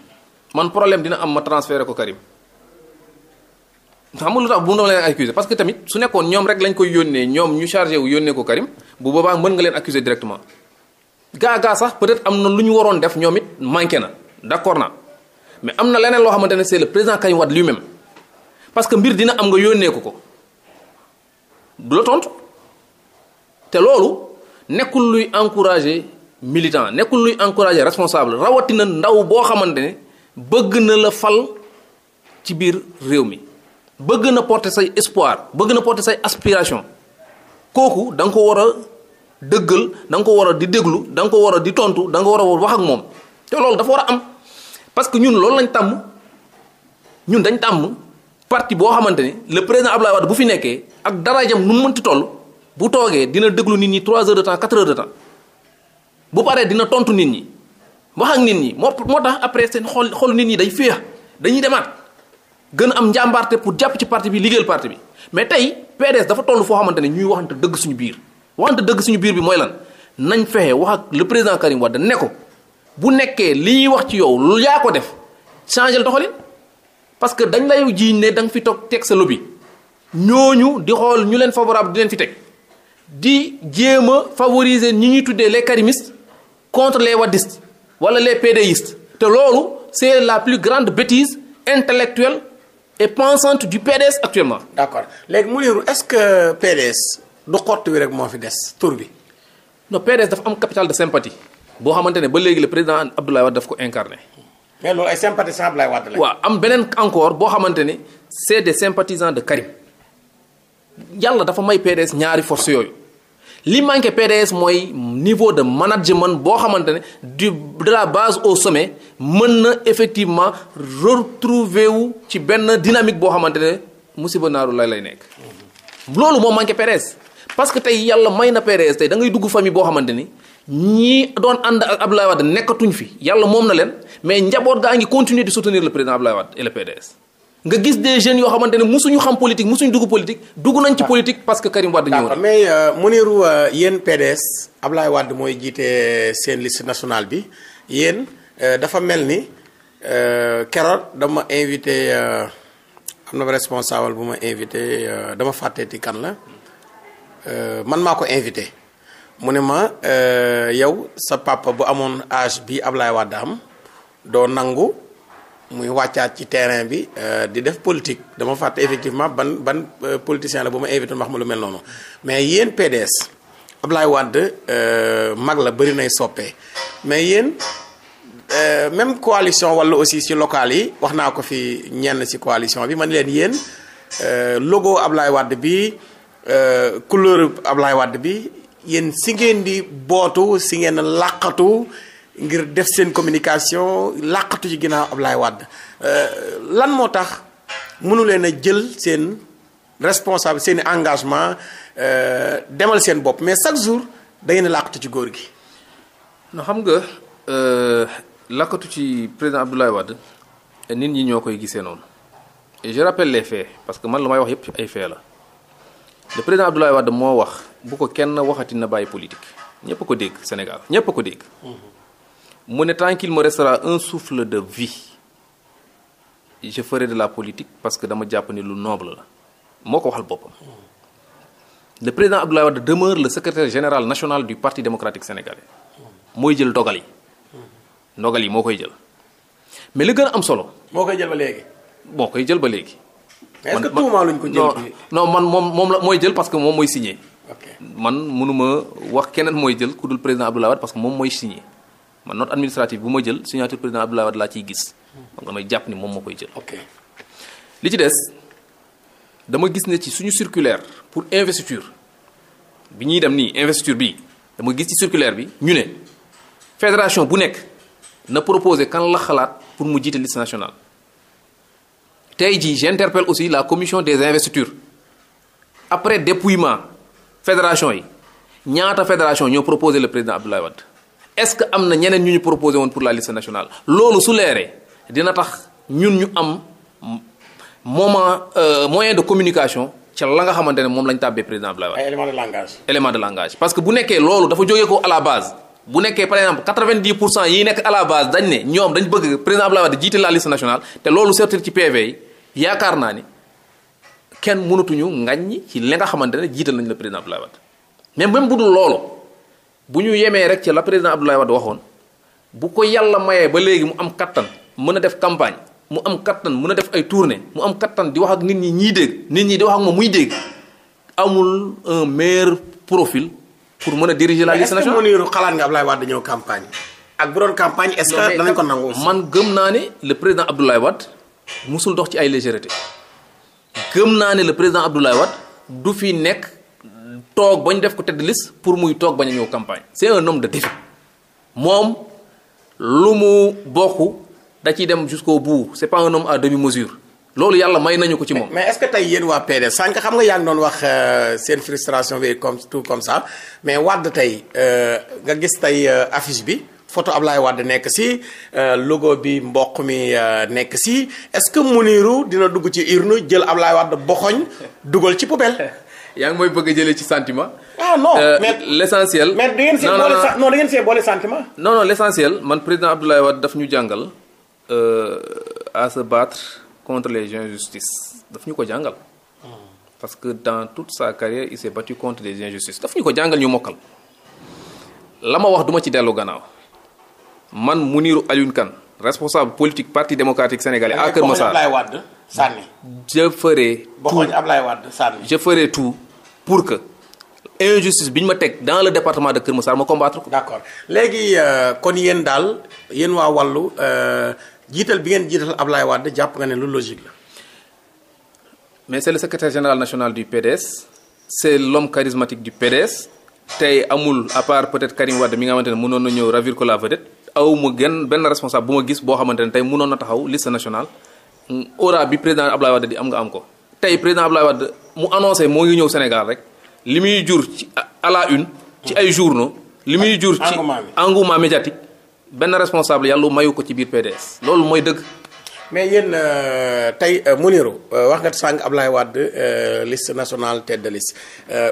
man problème dina am ma transféré ko Karim xam nga lu tax bu ma leen accuser parce que tamit su nekkoon ñoom rek lañ koy yónnee ñoom ñu chargé wu yónnee ko Karim bu boobaa mën nga leen accuser directement. gaa gaa sax peut-être am na lu ñu waroon def ñoom it manqué na d'accord na mais am na leneen loo xamante ne c'est le président Karim Wade lui-même parce que mbir dina am nga yónnee ko ko du la tontu te loolu nekkul luy encourager militant nekkul luy encourager responsable rawatina ndaw boo xamante ne bëgg na la fal ci biir réew mi bëgg na porter say espoir bëgg na porter say aspiration kooku da ko war dëggal danga ko war a di déglu danga ko war a di tontu da nga war a wax ak moom te loolu dafa war a am parce que ñun loolu lañ tàmm ñun dañ tàmm parti boo xamante ni le président Abdoulaye Wade bu fi nekkee ak daraajam nu mu mënti toll bu toogee dina déglu nit ñi 3 heures de temps 4 heures de temps bu paree dina tontu nit ñi wax ak nit ñi moo moo tax après seen xol xol nit ñi day féex dañuy demaat gën a am njàmbaarte pour jàpp ci parti bi liggéeyal parti bi mais tey PDS dafa toll foo xamante ne ñuy waxante dëgg suñu biir. wante dëgg suñu biir bi mooy lan nañ fexe wax ak le président Karim Wade ne ko bu nekkee li ñuy wax ci yow lu yaa ko def changé doxalin parce que dañ lay jiiñ ne da nga fi toog teg sa lobby ñu di xool ñu leen favorable di leen fi teg di jéem a favoriser ñi ñuy tuddee le karimistes contre les waddistes wala les PDistes te loolu c'est la plus grande bêtise intellectuelle et pensante du PDS actuellement. d'accord léegi mu est-ce que PDS. du xot wi rek moo fi des tur bi non PDS dafa am capital de sympathie boo xamante ne ba léegi le président Abdoulaye Wade daf ko incarné. mais loolu ay sympathisants Abdoulaye Wade la. waaw am beneen encore boo xamante ne c'est des sympathisants de Karim yàlla dafa may PDS ñaari force yooyu li manqué PDS mooy niveau de management boo xamante ne du de la base au sommet mën na effectivement retrouver wu ci benn dynamique boo xamante ne musiba naaru lay lay nekk loolu moo manqué PDS. parce que tey yàlla may na PDS tey da dugg famille boo xamante ni ñii doon ànd ak Abdoulaye Wade nekkatuñ fi yàlla moom na leen mais njaboot gaa ngi continuer de soutenir le président Abdoulaye Wade et le nga gis des jeunes yoo xamante ne musuñu xam politique musuñu dugg politique dugg nañ ci politique parce que Karim Wade ñëw na. mais euh, Mounirou euh, PDS Abdoulaye Wade mooy jiite seen liste nationale bi yéen euh, dafa mel ni keroog dama invité am na responsable bu ma invité dama fàtteeti kan la. Euh, man maa ko invité mu ne ma euh, yow sa papa bu amoon âge bi Ablaye Wade am doo nangu muy wàccaat ci terrain bi euh, di def politique dama fàtte effectivement ban ban politicien la bu ma invité wax ma lu mel noonu mais yéen PDS Ablaye Wade mag la bëri nay soppee mais yéen même coalition wala aussi ci local yi wax naa ko fi ñenn ci coalition bi man leen yéen logo Ablaye Wade bi Euh, couleur Ablaye Wade bi yéen si ngeen di bootu si ngeen làqatu ngir def seen communication làqatu ci ginnaaw Ablaye Wade euh, lan moo tax mënu leen a jël seen responsable seen engagement euh, demal seen bopp mais chaque jour dangeen ngeen làqatu ci góor gi. no xam nga làqatu ci président Abdoulaye Wade nit ñi ñoo koy gisee noonu et je rappelle les faits que man lu may wax yëpp ay faits la le président Abdoulaye Wade moo wax bu ko kenn waxati na bàyyi politique ñëpp ko dégg Sénégal ñëpp ko dégg. mu ne tant qu'il me un souffle de vie je ferai de la politique parce que dama jàpp ni lu noble la moo ko waxal boppam. le président Abdoulaye Wade demeure le secrétaire général national du parti démocratique sénégalais mooy jël dogal yi. ndogal yi moo koy jël mais li gën a am solo. moo koy jël ba léegi. moo koy jël ba léegi est-ce que tuuma luñ ko jël non man moom moom la mooy jël parce que moom mooy signé. man mënuma wax keneen mooy jël ku dul président Abdoulaye Wade parce que moom mooy signé man note administrative bu ma jël signature président Abdoulaye laa ciy gis. donc damay jàpp ni moom moo koy jël. li ci des dama gis ne ci suñu circulaire pour investiture bi ñuy dem nii investiture bi dama gis ci circulaire bi ñu ne fédération bu nekk na proposer kan la xalaat pour mu jiite liste nationale. tey jii j'interpelle aussi la commission des investitures après dépouillement fédération yi ñaata fédération ñoo proposé le président Abdoulaye Wade est-ce que am na ñeneen ñu ñu proposé woon pour la liste nationale loolu su leeree dina tax ñun ñu am moment euh, moyen de communication ca la nga xamante ne moom lañ tàbbee président Abdoulaye Wade. ay élément de langage. élément de parce que bu nekkee loolu dafa jógee ko à la base bu nekkee par exemple yi nekk à la base dañ ne ñoom dañ bëgg te loolu certifié ci PV yaakaar naa ni kenn mënatuñu ngañ ci li nga xamante ne jiital nañ la président Abdoulaye Wade mais même bu dul loolu bu ñu yemee rek ci la président Abdoulaye Wade waxoon bu ko yàlla mayee ba léegi mu am kattan mën a def campagne mu am kattan mën a def ay tournée mu am kattan di wax ak nit ñi ñiy dégg nit ñi di wax ak moom muy dégg amul un meilleur profil pour mën a diriger la liste xalaat nga Abdoulaye Wade ñëw campagne ak bu doon campagne man gëm naa ne le président Abdoulaye Wade mosul dox ci ay légèreté gëm naa ne le président Abdoulaye Wade du fi nekk toog ba ñu def ko tête de pour muy toog ba ñu ñëw campagne c'est un homme de défi moom lu mu bokk da ciy dem jusqu'au bout c'est pas un homme à demi mesure loolu yàlla may nañu ko ci moom. mais est que tey yéen waa PDS sànq xam nga yaa ngi doon wax euh, seen frustration bi comme tout comme ça mais Wade tey euh, nga gis tey euh, affiche bi. photo Ablaye Wade nekk si euh, logo bi mboq mi euh, nekk si est-ce que Mounirou dina dugg ci urne jël ab Ablaye Wade boxoñ dugal ci poubelle. yaa ngi mooy bëgg a jëlee ci sentiment. ah non euh, mais l'essentiel. mais da ngeen see boole sa non da ngeen see boole man président Abdoulaye Wade daf ñu jàngal à se battre contre les injustices daf ñu ko jàngal. Hmm. parce que dans tout sa carrière il s'est battu contre les injustices daf ñu ko jàngal ñu mokkal la ma wax duma ci dellu gannaaw. man Mounirou Alioune Kane responsable politique parti démocratique sénégalais à Kër Massar je ferai tout je ferai tout pour que injustice bi ñu ma teg dans le département de Kër Massar ma combattre ko. d'accord léegi euh, kon yéen daal yéen waa wàllu euh, jiital bi ngeen jiital Ablaye Wade jàpp nga ne lu logique la. mais c'est le secrétaire général national du PDS c'est l'homme charismatique du PDS tey amul à part peut-être Karim Wade mi nga xamante ne mënoon na ñëw ravir ko la vedette aw ma genn benn responsable bu ma gis boo xamante ne tey mënoon na taxaw liste national aura bi président Ablaye Wade di am nga am ko tey président Ablaye Wade mu annoncé moo ngi ñëw Sénégal rek li muy jur ci à une ci ay journaux li muy jur ci engouement médiatique benn responsable yàlla mayu ko ci biir PDS loolu mooy dëgg mais yéen euh, tey euh, Mounirou euh, wax nga sànq Ablaye Wade liste nationale tête de liste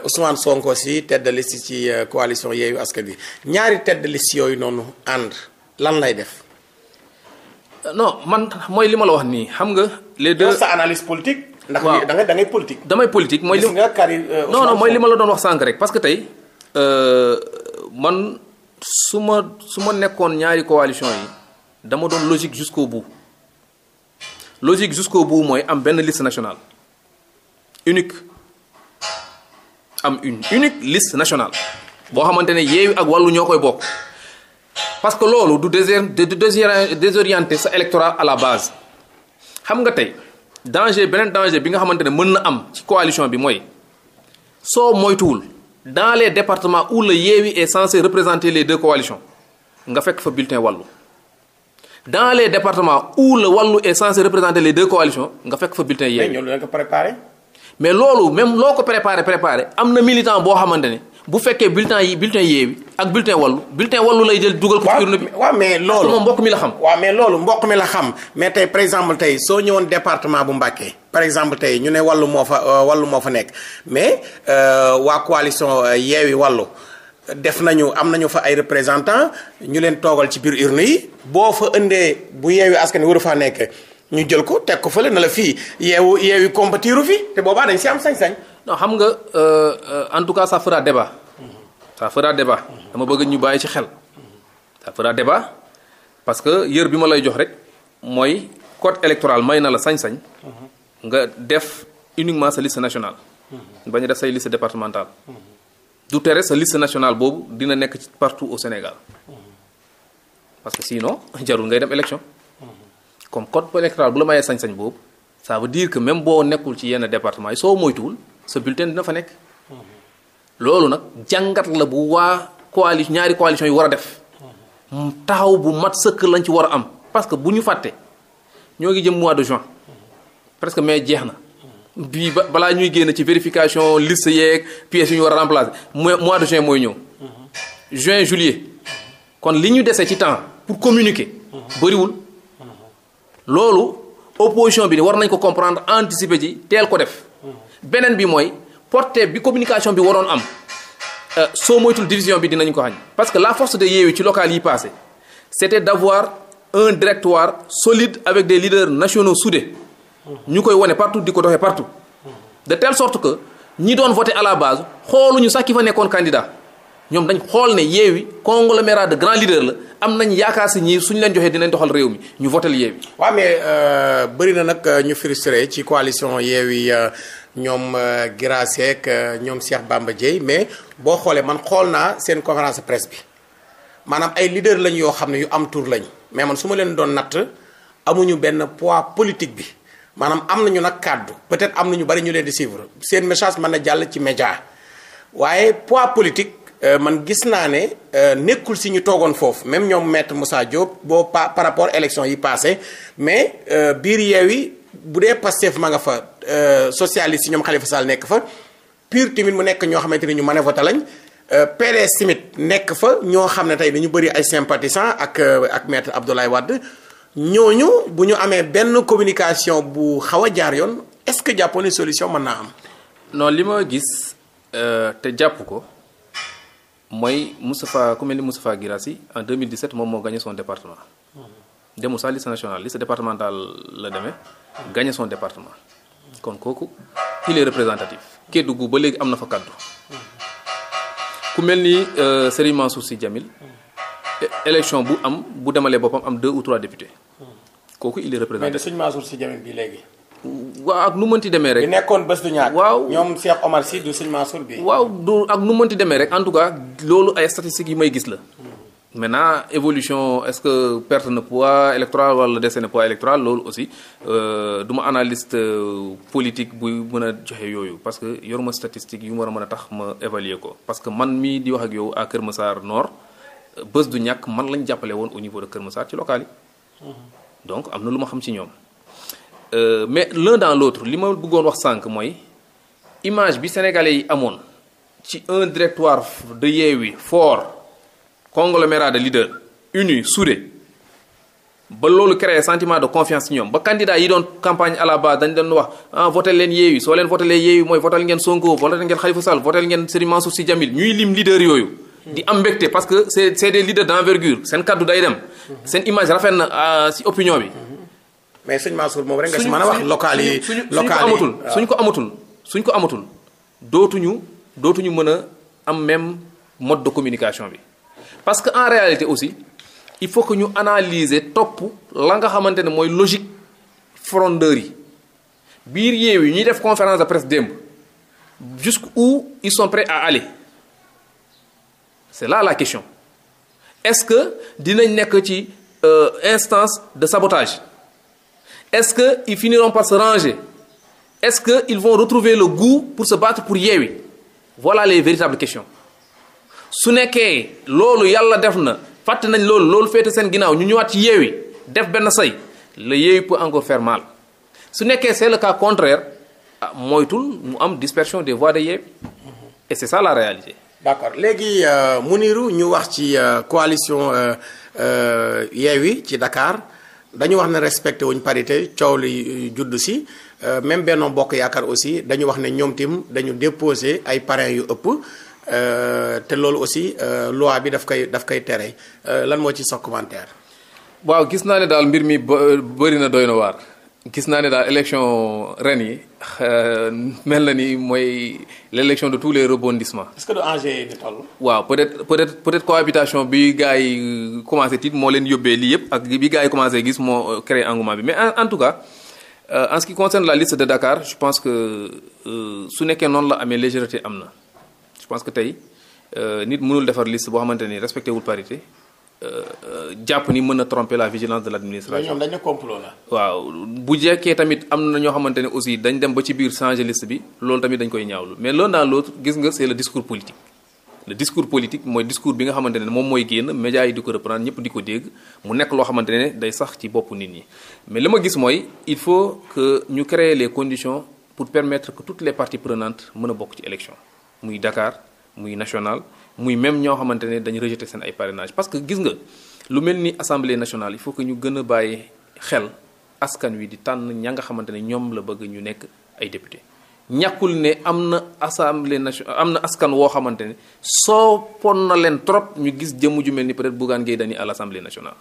Ousmane Sonko si tête de liste ci coalition Yewwi Askan bi ñaari tête de yooyu noonu ànd lan lay def. non man mooy li ma la wax nii xam nga. les deux sa analyse politique. ndax da ngay ngay politique. damay politique mooy li nga kari euh, non mooy li ma la doon wax sànq rek parce que tey euh, man su ma su ma nekkoon ñaari coalition yi dama doon logique jusqu'au boo logique jusqu'au bout mooy am benn liste nationale unique am une unique liste nationale boo xamante ne Yewwi ak Wallu ñoo koy bokk. parce que loolu du désorienté désorienté sa électorat à la base xam nga tey danger beneen danger bi nga xamante ne mën na am ci coalition bi mooy soo moytuwul dans les départements où le Yewwi est censé représenter les de coalitions nga fekk fa bulletin wàllu dans les départements où le wàllu est censé représenter les deux coalitions nga fekk fa bulletin Yewwi mais loolu même loo ko préparé préparé am na militant boo xamante ne. bu fekkee bulletin yi bulletin Yewwi ak bulletin Wallu bulletin Wallu lay jël dugal ko ci urne bi waaw mais loolu moom mbokk mi la xam waaw mais loolu mbokk mi la xam mais tey par exemple tey soo ñëwoon département bu Mbacké par exemple tey ñu ne Wallu moo fa euh, Wallu moo fa nekk mais euh, waa coalition euh, Yewwi Wallu def nañu am nañu fa ay représentant ñu leen toogal ci biir urne yi boo fa indee bu Yewwi Askan Wi waru faa nekk ñu jël ko teg ko fële na la fii yeewu yeewi compatiru fi te boobaa dañ si am sañ-sañ. non xam nga euh, euh, en tout cas ça fera débat. ça fera débat. dama bëgg ñu bàyyi ci xel. ça fera débat parce que yër bi ma lay jox rek mooy code électoral may na la sañ-sañ. nga def uniquement sa liste nationale. bañ a def say liste départementale. du tere sa liste nationale boobu dina nekk ci partout au Sénégal. parce que sinon jarul ngay dem élection. comme code électoral bu la mayee sañ-sañ boobu ça veut dire que même boo nekkul ci yenn département yi soo moytuwul sa bulletin dina fa nekk. loolu nag jàngat la bu waa coalition ñaari coalition yi war a def. taxaw bu mat sëkk lañ ci war a am parce que bu ñu fàtte ñoo ngi jëm mois de juin presque mai jeex na. bii ba balaa ñuy génn ci vérification liste yeeg pièces yu ñu war a remplacer mois de juin mooy ñëw. juin juillet kon li ñu dese ci temps pour communiquer. bëriwul. loolu opposition bi war nañ ko comprendre anticiper ji teel ko def. beneen bi mooy portée bi communication bi waroon am euh, soo moytul division bi dinañ ko xañ parce que la force de Yewwi ci locale yi passé c'était d'avoir un directoire solide avec des leaders nationaux soudés. ñu koy wone partout di ko doxee partout. de telle sort que ñi doon voter à la xoolu ñu sax ki fa nekkoon candidat. ñoom dañ xool ne yeewi conglomérat de grands leaders la am nañ yaakaar si ñii suñ leen joxee dinañ doxal réew mi ñu votel yeewi. waaw mais euh, bëri na nag euh, ñu frustré ci coalition yeewi euh, ñoom Guirassy ak ñoom Cheikh Bamba Dièye mais boo xoolee man xool naa seen conférence presse bi manaam ay leaders lañ yoo xam ne yu am tur lañ mais man suma leen doon natt amuñu benn poids politique bi maanaam am nañu nag kàddu peut-être am nañu ñu bari ñu leen di suivre see message mën na jàll ci média Euh, man gis naa ne euh, nekkul si ñu toogoon foofu même ñoom maître Moussa Diop boo pa par rapport élection yi passé mais euh, biir Yewwi bu dee Pastef ma nga fa socialiste si ñoom Khalifa Sall nekk fa PUR tamit mu nekk ñoo xamante ne ñu mën a voté lañ PDS nekk fa ñoo xam ne tey dañu bëri ay sympathisants ak ak maître Abdoulaye wadd ñooñu bu ñu amee benn communication bu xaw a jaar yoon est-ce que jàppoon ne solution mën naa am. noonu li ma gis te jàpp ko. mooy Moustapha ku mel ni Moustapha Guirassy en 2017 moom moo gagné son département. demul sax liste nationale liste départementale la demee. gagné son département. kon kooku il est représentatif. Kédougou ba léegi am na fa kaddu. ku mel ni euh, Serigne Mansour Sy Djamil. élection bu am bu demalee boppam am deux ou trois députés. kooku il est représentatif mais Serigne Mansour Sy Djamil bi léegi. waaw ak nu mënti demee rek. bi nekkoon bés ñaar. waaw ñoom Cheikh Omar Sy du Sëñ Mansour bi. waaw du ak nu mënti en tout cas loolu ay statistiques yi may gis la. maintenant évolution est-ce que perte na poids électoral wala dese na poids électoral loolu aussi euh, duma ma analyste euh, politique buy mën a joxe yooyu parce que yoruma statistique yu ma war a mën a tax ma évaluer ko parce que man mii di wax ak yow a Kër ma Massar noor bés du ñàkk man lañ jàppale woon au niveau de Kër Massar ci local yi. donc am na lu ma xam ci ñoom. Euh, mais l'un dans l'autre li ma bëggoon wax sànq mooy image bi sénégalais yi amoon ci un directoire de Yewwi fort conglomérat de leaders unis soudés ba loolu créé sentiment de confiance ci ñoom ba candidat yi doon campagne à la base dañu doon wax ah votel leen Yewwi soo leen votelee Yewwi mooy votel ngeen Sonko votel ngeen Khalifa Sall votel ngeen Serigne Mansour Sy Djamil ñuy lim leaders yooyu. di am mbégte parce que c'est c'est des leaders d'envergure seen kaddu day dem. seen image rafet euh, bi. mais sëñ Mansour moom rek nga si mën a wax local yi local yi suñ ko amatul suñ ko amatul dootuñu dootuñu mën a am même mode de communication bi parce que en réalité aussi il faut que ñu analyser topp la nga xamante ne mooy logique frondeurs yi biir yeew yi ñuy def conférence de presse démb jusqu'où ils sont prêts à aller c'est là la question est-ce que dinañ nekk ci euh, instance de sabotage Est-ce que qu'ils finiront par se ranger Est-ce que qu'ils vont retrouver le goût pour se battre pour Yewwi voilà les véritables questions su nekkee loolu yàlla def na fàtte nañ loolu loolu féete seen ginnaaw ñu ñëwaat ci Yewwi def benn say la Yewwi peut encore faire mal su nekkee c'est le cas contraire ah, moytul mu am dispersion des voix de Yewwi et c'est ça la réalité. d'accord léegi euh, Mounirou ñu wax ci euh, coalition euh, Yewwi ci Dakar. dañu wax ne respecté wuñ parité coow li juddu si euh, même Benno Bokk Yaakaar aussi dañu wax ne ñoom tiim dañu déposé ay parrain yu ëpp euh, te loolu aussi euh, loi bi daf koy daf koy tere lan moo ci sa waaw gis naa ne daal mbir mi bëri na doy na waar. gis naa ne daal élection ren yi euh, mel na ni mooy l' élection de tous les rebondissements. ce que du enjeu yi di toll. waaw peut être peut être peut cohabitation bi gars yi commencé tiit moo leen yóbbee lii yëpp ak bi gars yi commencé gis moo euh, créé engouement bi mais en, en tout cas euh, en ce qui concerne la liste de Dakar je pense que su nekkee noonu la amee légèreté am na je pense que tey nit mënul defar liste boo xamante ni respecté wul parité. jàpp ni mën na tromper la vigilance de l' administration. dañu complot la. waaw bu jekkee tamit am na ñoo xamante ne aussi dañ dem ba ci biir changer liste bi loolu tamit dañ koy ñaawlu mais l'un dans l' autre gis nga c' est le discours politique. le discours politique mooy discours bi nga xamante ne moom mooy génn médias yi di ko reprendre ñëpp di ko dégg mu nekk loo xamante ne day sax ci bopp nit ñi mais li ma gis mooy il faut que ñu créer les conditions pour permettre ko toutes les parties prenantes mën a bokk ci élection muy Dakar national. muy même ñoo xamante ne dañu rejeté seen ay parrainage parce que gis nga lu mel ni assemblée nationale il faut que ñu gën a bàyyi xel askan wi di tànn ña nga xamante ne ñoom la bëgg ñu nekk ay député ñàkkul ne am na assemblée nationale am na askan woo xamante ne soopoon na leen trop ñu gis jëmm ju mel ni peut-être Bougane Gueye Dany à l'assemblée nationale.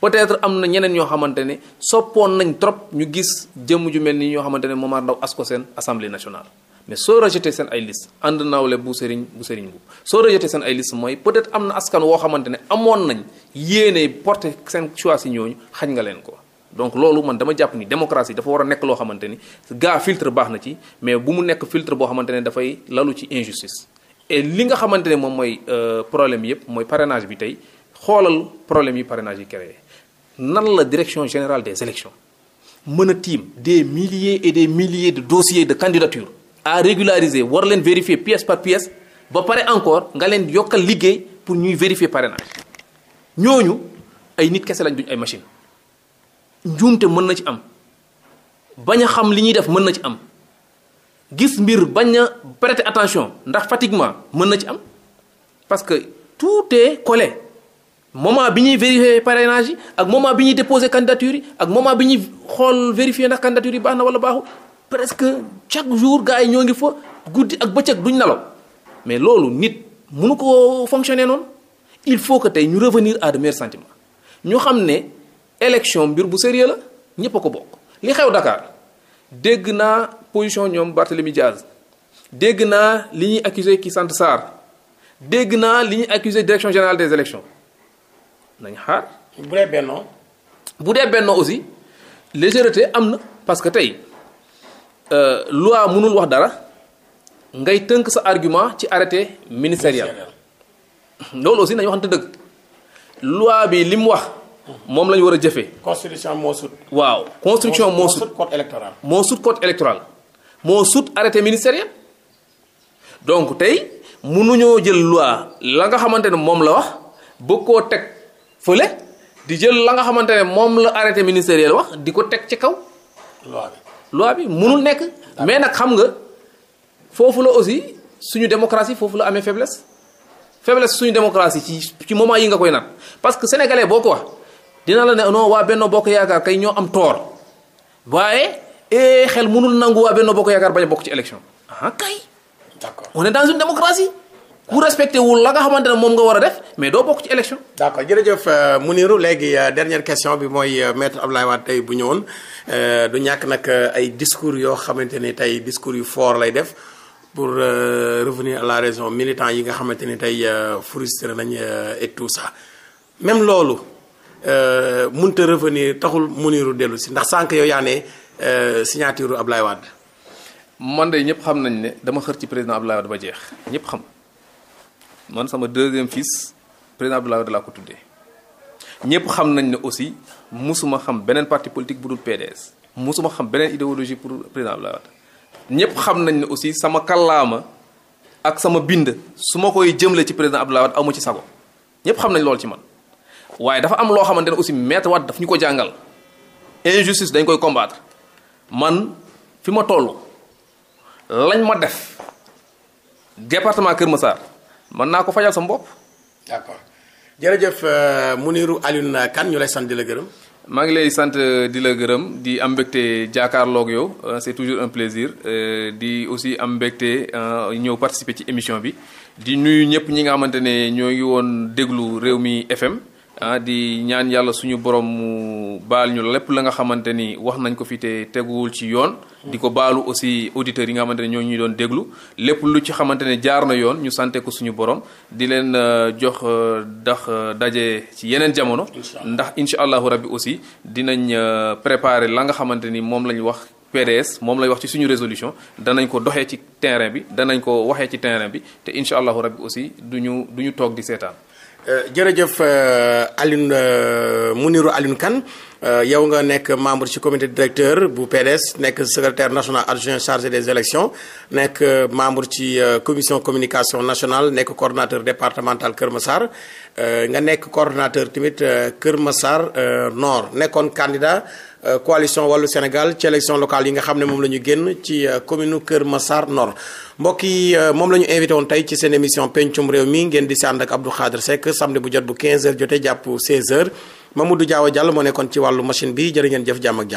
peut-être am na ñeneen ñoo xamante ne soppoon nañ trop ñu gis jëmm ju mel ni ñoo xamante ne Momar Ndao Asko seen assemblée nationale. mais soo rejeté seen ay liste ànd nawle bu sëriñ bu sëriñ bu soo rejeté seen ay liste mooy peut-être am na askan woo xamante ne amoon nañ yéene porte seen choix si ñooñu xañ nga leen ko donc loolu man dama jàpp ni démocratie dafa war a nekk loo xamante ni gaa filtre baax na ci mais bu mu nekk filtre boo xamante ne dafay lalu ci injustice et li nga xamante ne moom mooy euh, problème yëpp mooy parrainage bi tey xoolal problème yi parrainage yi créé nan la direction générale des élections mën a tiim des milliers et des milliers de dossiers de candidature à régularisé war leen vérifier pièce par pièce ba pare encore nga leen yokkal liggéey pour ñuy vérifier parrainage ñooñu ay nit kese lañ duñ ay machine njuumte mën na ci am bañ a xam li ñuy def mën na ci am gis mbir bañ a prêter attention ndax fatiguement mën na ci am parce que tout est collé moment bi ñuy vérifier parrainage yi ak moment bi ñuy déposer candidature yi ak moment bi ñuy xool vérifier ndax candidature yi baax na wala baaxul presque chaque jour gars yi ñoo ngi fa guddi ak bëccëg duñ nelaw mais loolu nit mënu ko fonctionner noonu il faut que tey ñu revenir à de meilleurs sentiments ñu xam ne élection mbir bu sérieux la ñëpp a ko bokk. li xew dakaar dégg naa position ñoom Barthélemy Diaz dégg naa li ñuy accuser ki sant Sarr dégg naa li ñuy accuser direction générale des élections nañ xaar. bu dee bennoo. bu dee bennoo aussi légèreté am na parce que tey. Euh, loi mënul wax dara ngay tënk sa argument ci arrêté ministériel loolu aussi nañu waxante dëgg loi bi li mu wax moom la ñu war a jëfe constitution moo sut. waaw constitution moo sut code électoral moo sut code moo sut arrêté ministériel donc tey mënuñoo jël loi la nga xamante ne moom la wax bëgg koo teg fële di jël la nga xamante ne moom la arrêté ministériel wax di ko teg ci kaw. loi bi mënul nekk. mais nag xam nga foofu la aussi suñu démocratie foofu la amee faiblesse. faiblesse suñu démocratie ci ci moment yi nga koy nat parce que sénégalais boo ko wax dina la ne non waa Benno Bokk Yaakaar kay ñoo am tort waaye eh, xel mënul nangu waa Benno Bokk Yaakaar bañ a bokk ci élection. ah kay. d'accord dans une démocratie. ku respecté wul la nga xamante ne moom nga war a def mais doo bokk ci élection. d' accord jërëjëf euh, léegi euh, dernière question bi mooy euh, maître Abdoulaye Wade tey bu ñëwoon du ñàkk nag ay discours yoo xamante ni tey discours yu fort lay def pour revenir la raison militant yi nga xamante ni tey frustré nañ et tout ça même loolu mënut a revenir taxul Mounirou dellu si ndax sànq yow yaa ne signature Abdoulaye Wade. man de ñëpp xam nañ ni dama xër ci président Abdoulaye Wade ba jeex ñëpp xam. man sama deuxième fils président Abdoulaye Wade laa ko tuddee ñëpp xam nañ ne aussi mosuma xam beneen parti politique bu dul PDS musuma xam beneen idéologie pour président Abdoulaye ñëpp xam nañ ne aussi sama kàllaama ak sama bind su ma koy jëmle ci président Abdoulaye Wade amu ci sago ñëpp xam nañ loolu ci man waaye dafa am loo xamante ne aussi maître Wade daf ñu ko jàngal injustice dañ koy combattre man fi ma toll lañ ma def département Kër Massar mën naa ko fajal sama bopp. d'accord jërëjëf euh, Mounirou Alioune Kane ñu lay sant di la gërëm. maa ngi lay sant euh, di la gërëm di am mbégte jàkkaarloog yow euh, c'est toujours un plaisir di aussi am mbégte ñëw participer ci émission bi di nuyu ñëpp ñi nga xamante ne ñoo ngi woon déglu réew mi FM. ah di ñaan yàlla suñu borom mu baal ñu lépp la nga xamante ni wax nañ ko fi te teguwul ci yoon. di ko baalu aussi auditeurs yi nga xamante ne ñoo ñuy doon déglu lépp lu ci xamante ne jaar na yoon ñu sante ko suñu borom di leen euh, jox euh, dax euh, daje ci yeneen jamono. ndax incha allahu rabbi aussi dinañ préparer la nga xamante ni moom lañ wax. PDS moom lay wax ci suñu résolution danañ ko doxee ci terrain bi danañ ko waxee ci terrain bi te incha allahu rabbi aussi duñu duñu toog di seetaan Eh, jërëjëf eh, Alioune eh, Mounirou Alioune Kane yow nga nekk membre ci comité directeur bu PDS nekk secrétaire national adjoint chargé des élections nekk membre ci commission communication national nekk coordonnateur départemental Kër Massar nga nekk coordonnateur tamit Kër Massar Nord nekkoon candidat Euh, coalition wàllu Sénégal ci élection locale yi nga xam ne moom la ñu génn ci euh, commune Kër Massar Nord mbokk yi euh, moom la ñu invité woon tey ci seen émission pencum réew mi ngeen di si ànd ak Abdou Khadre Seck samedi bu jot bu 15h jotee jàpp 16h Mamadou Diaw Diallo moo nekkoon ci wàllu machine bi jërë ngeen jëf jàmm ak jàmm.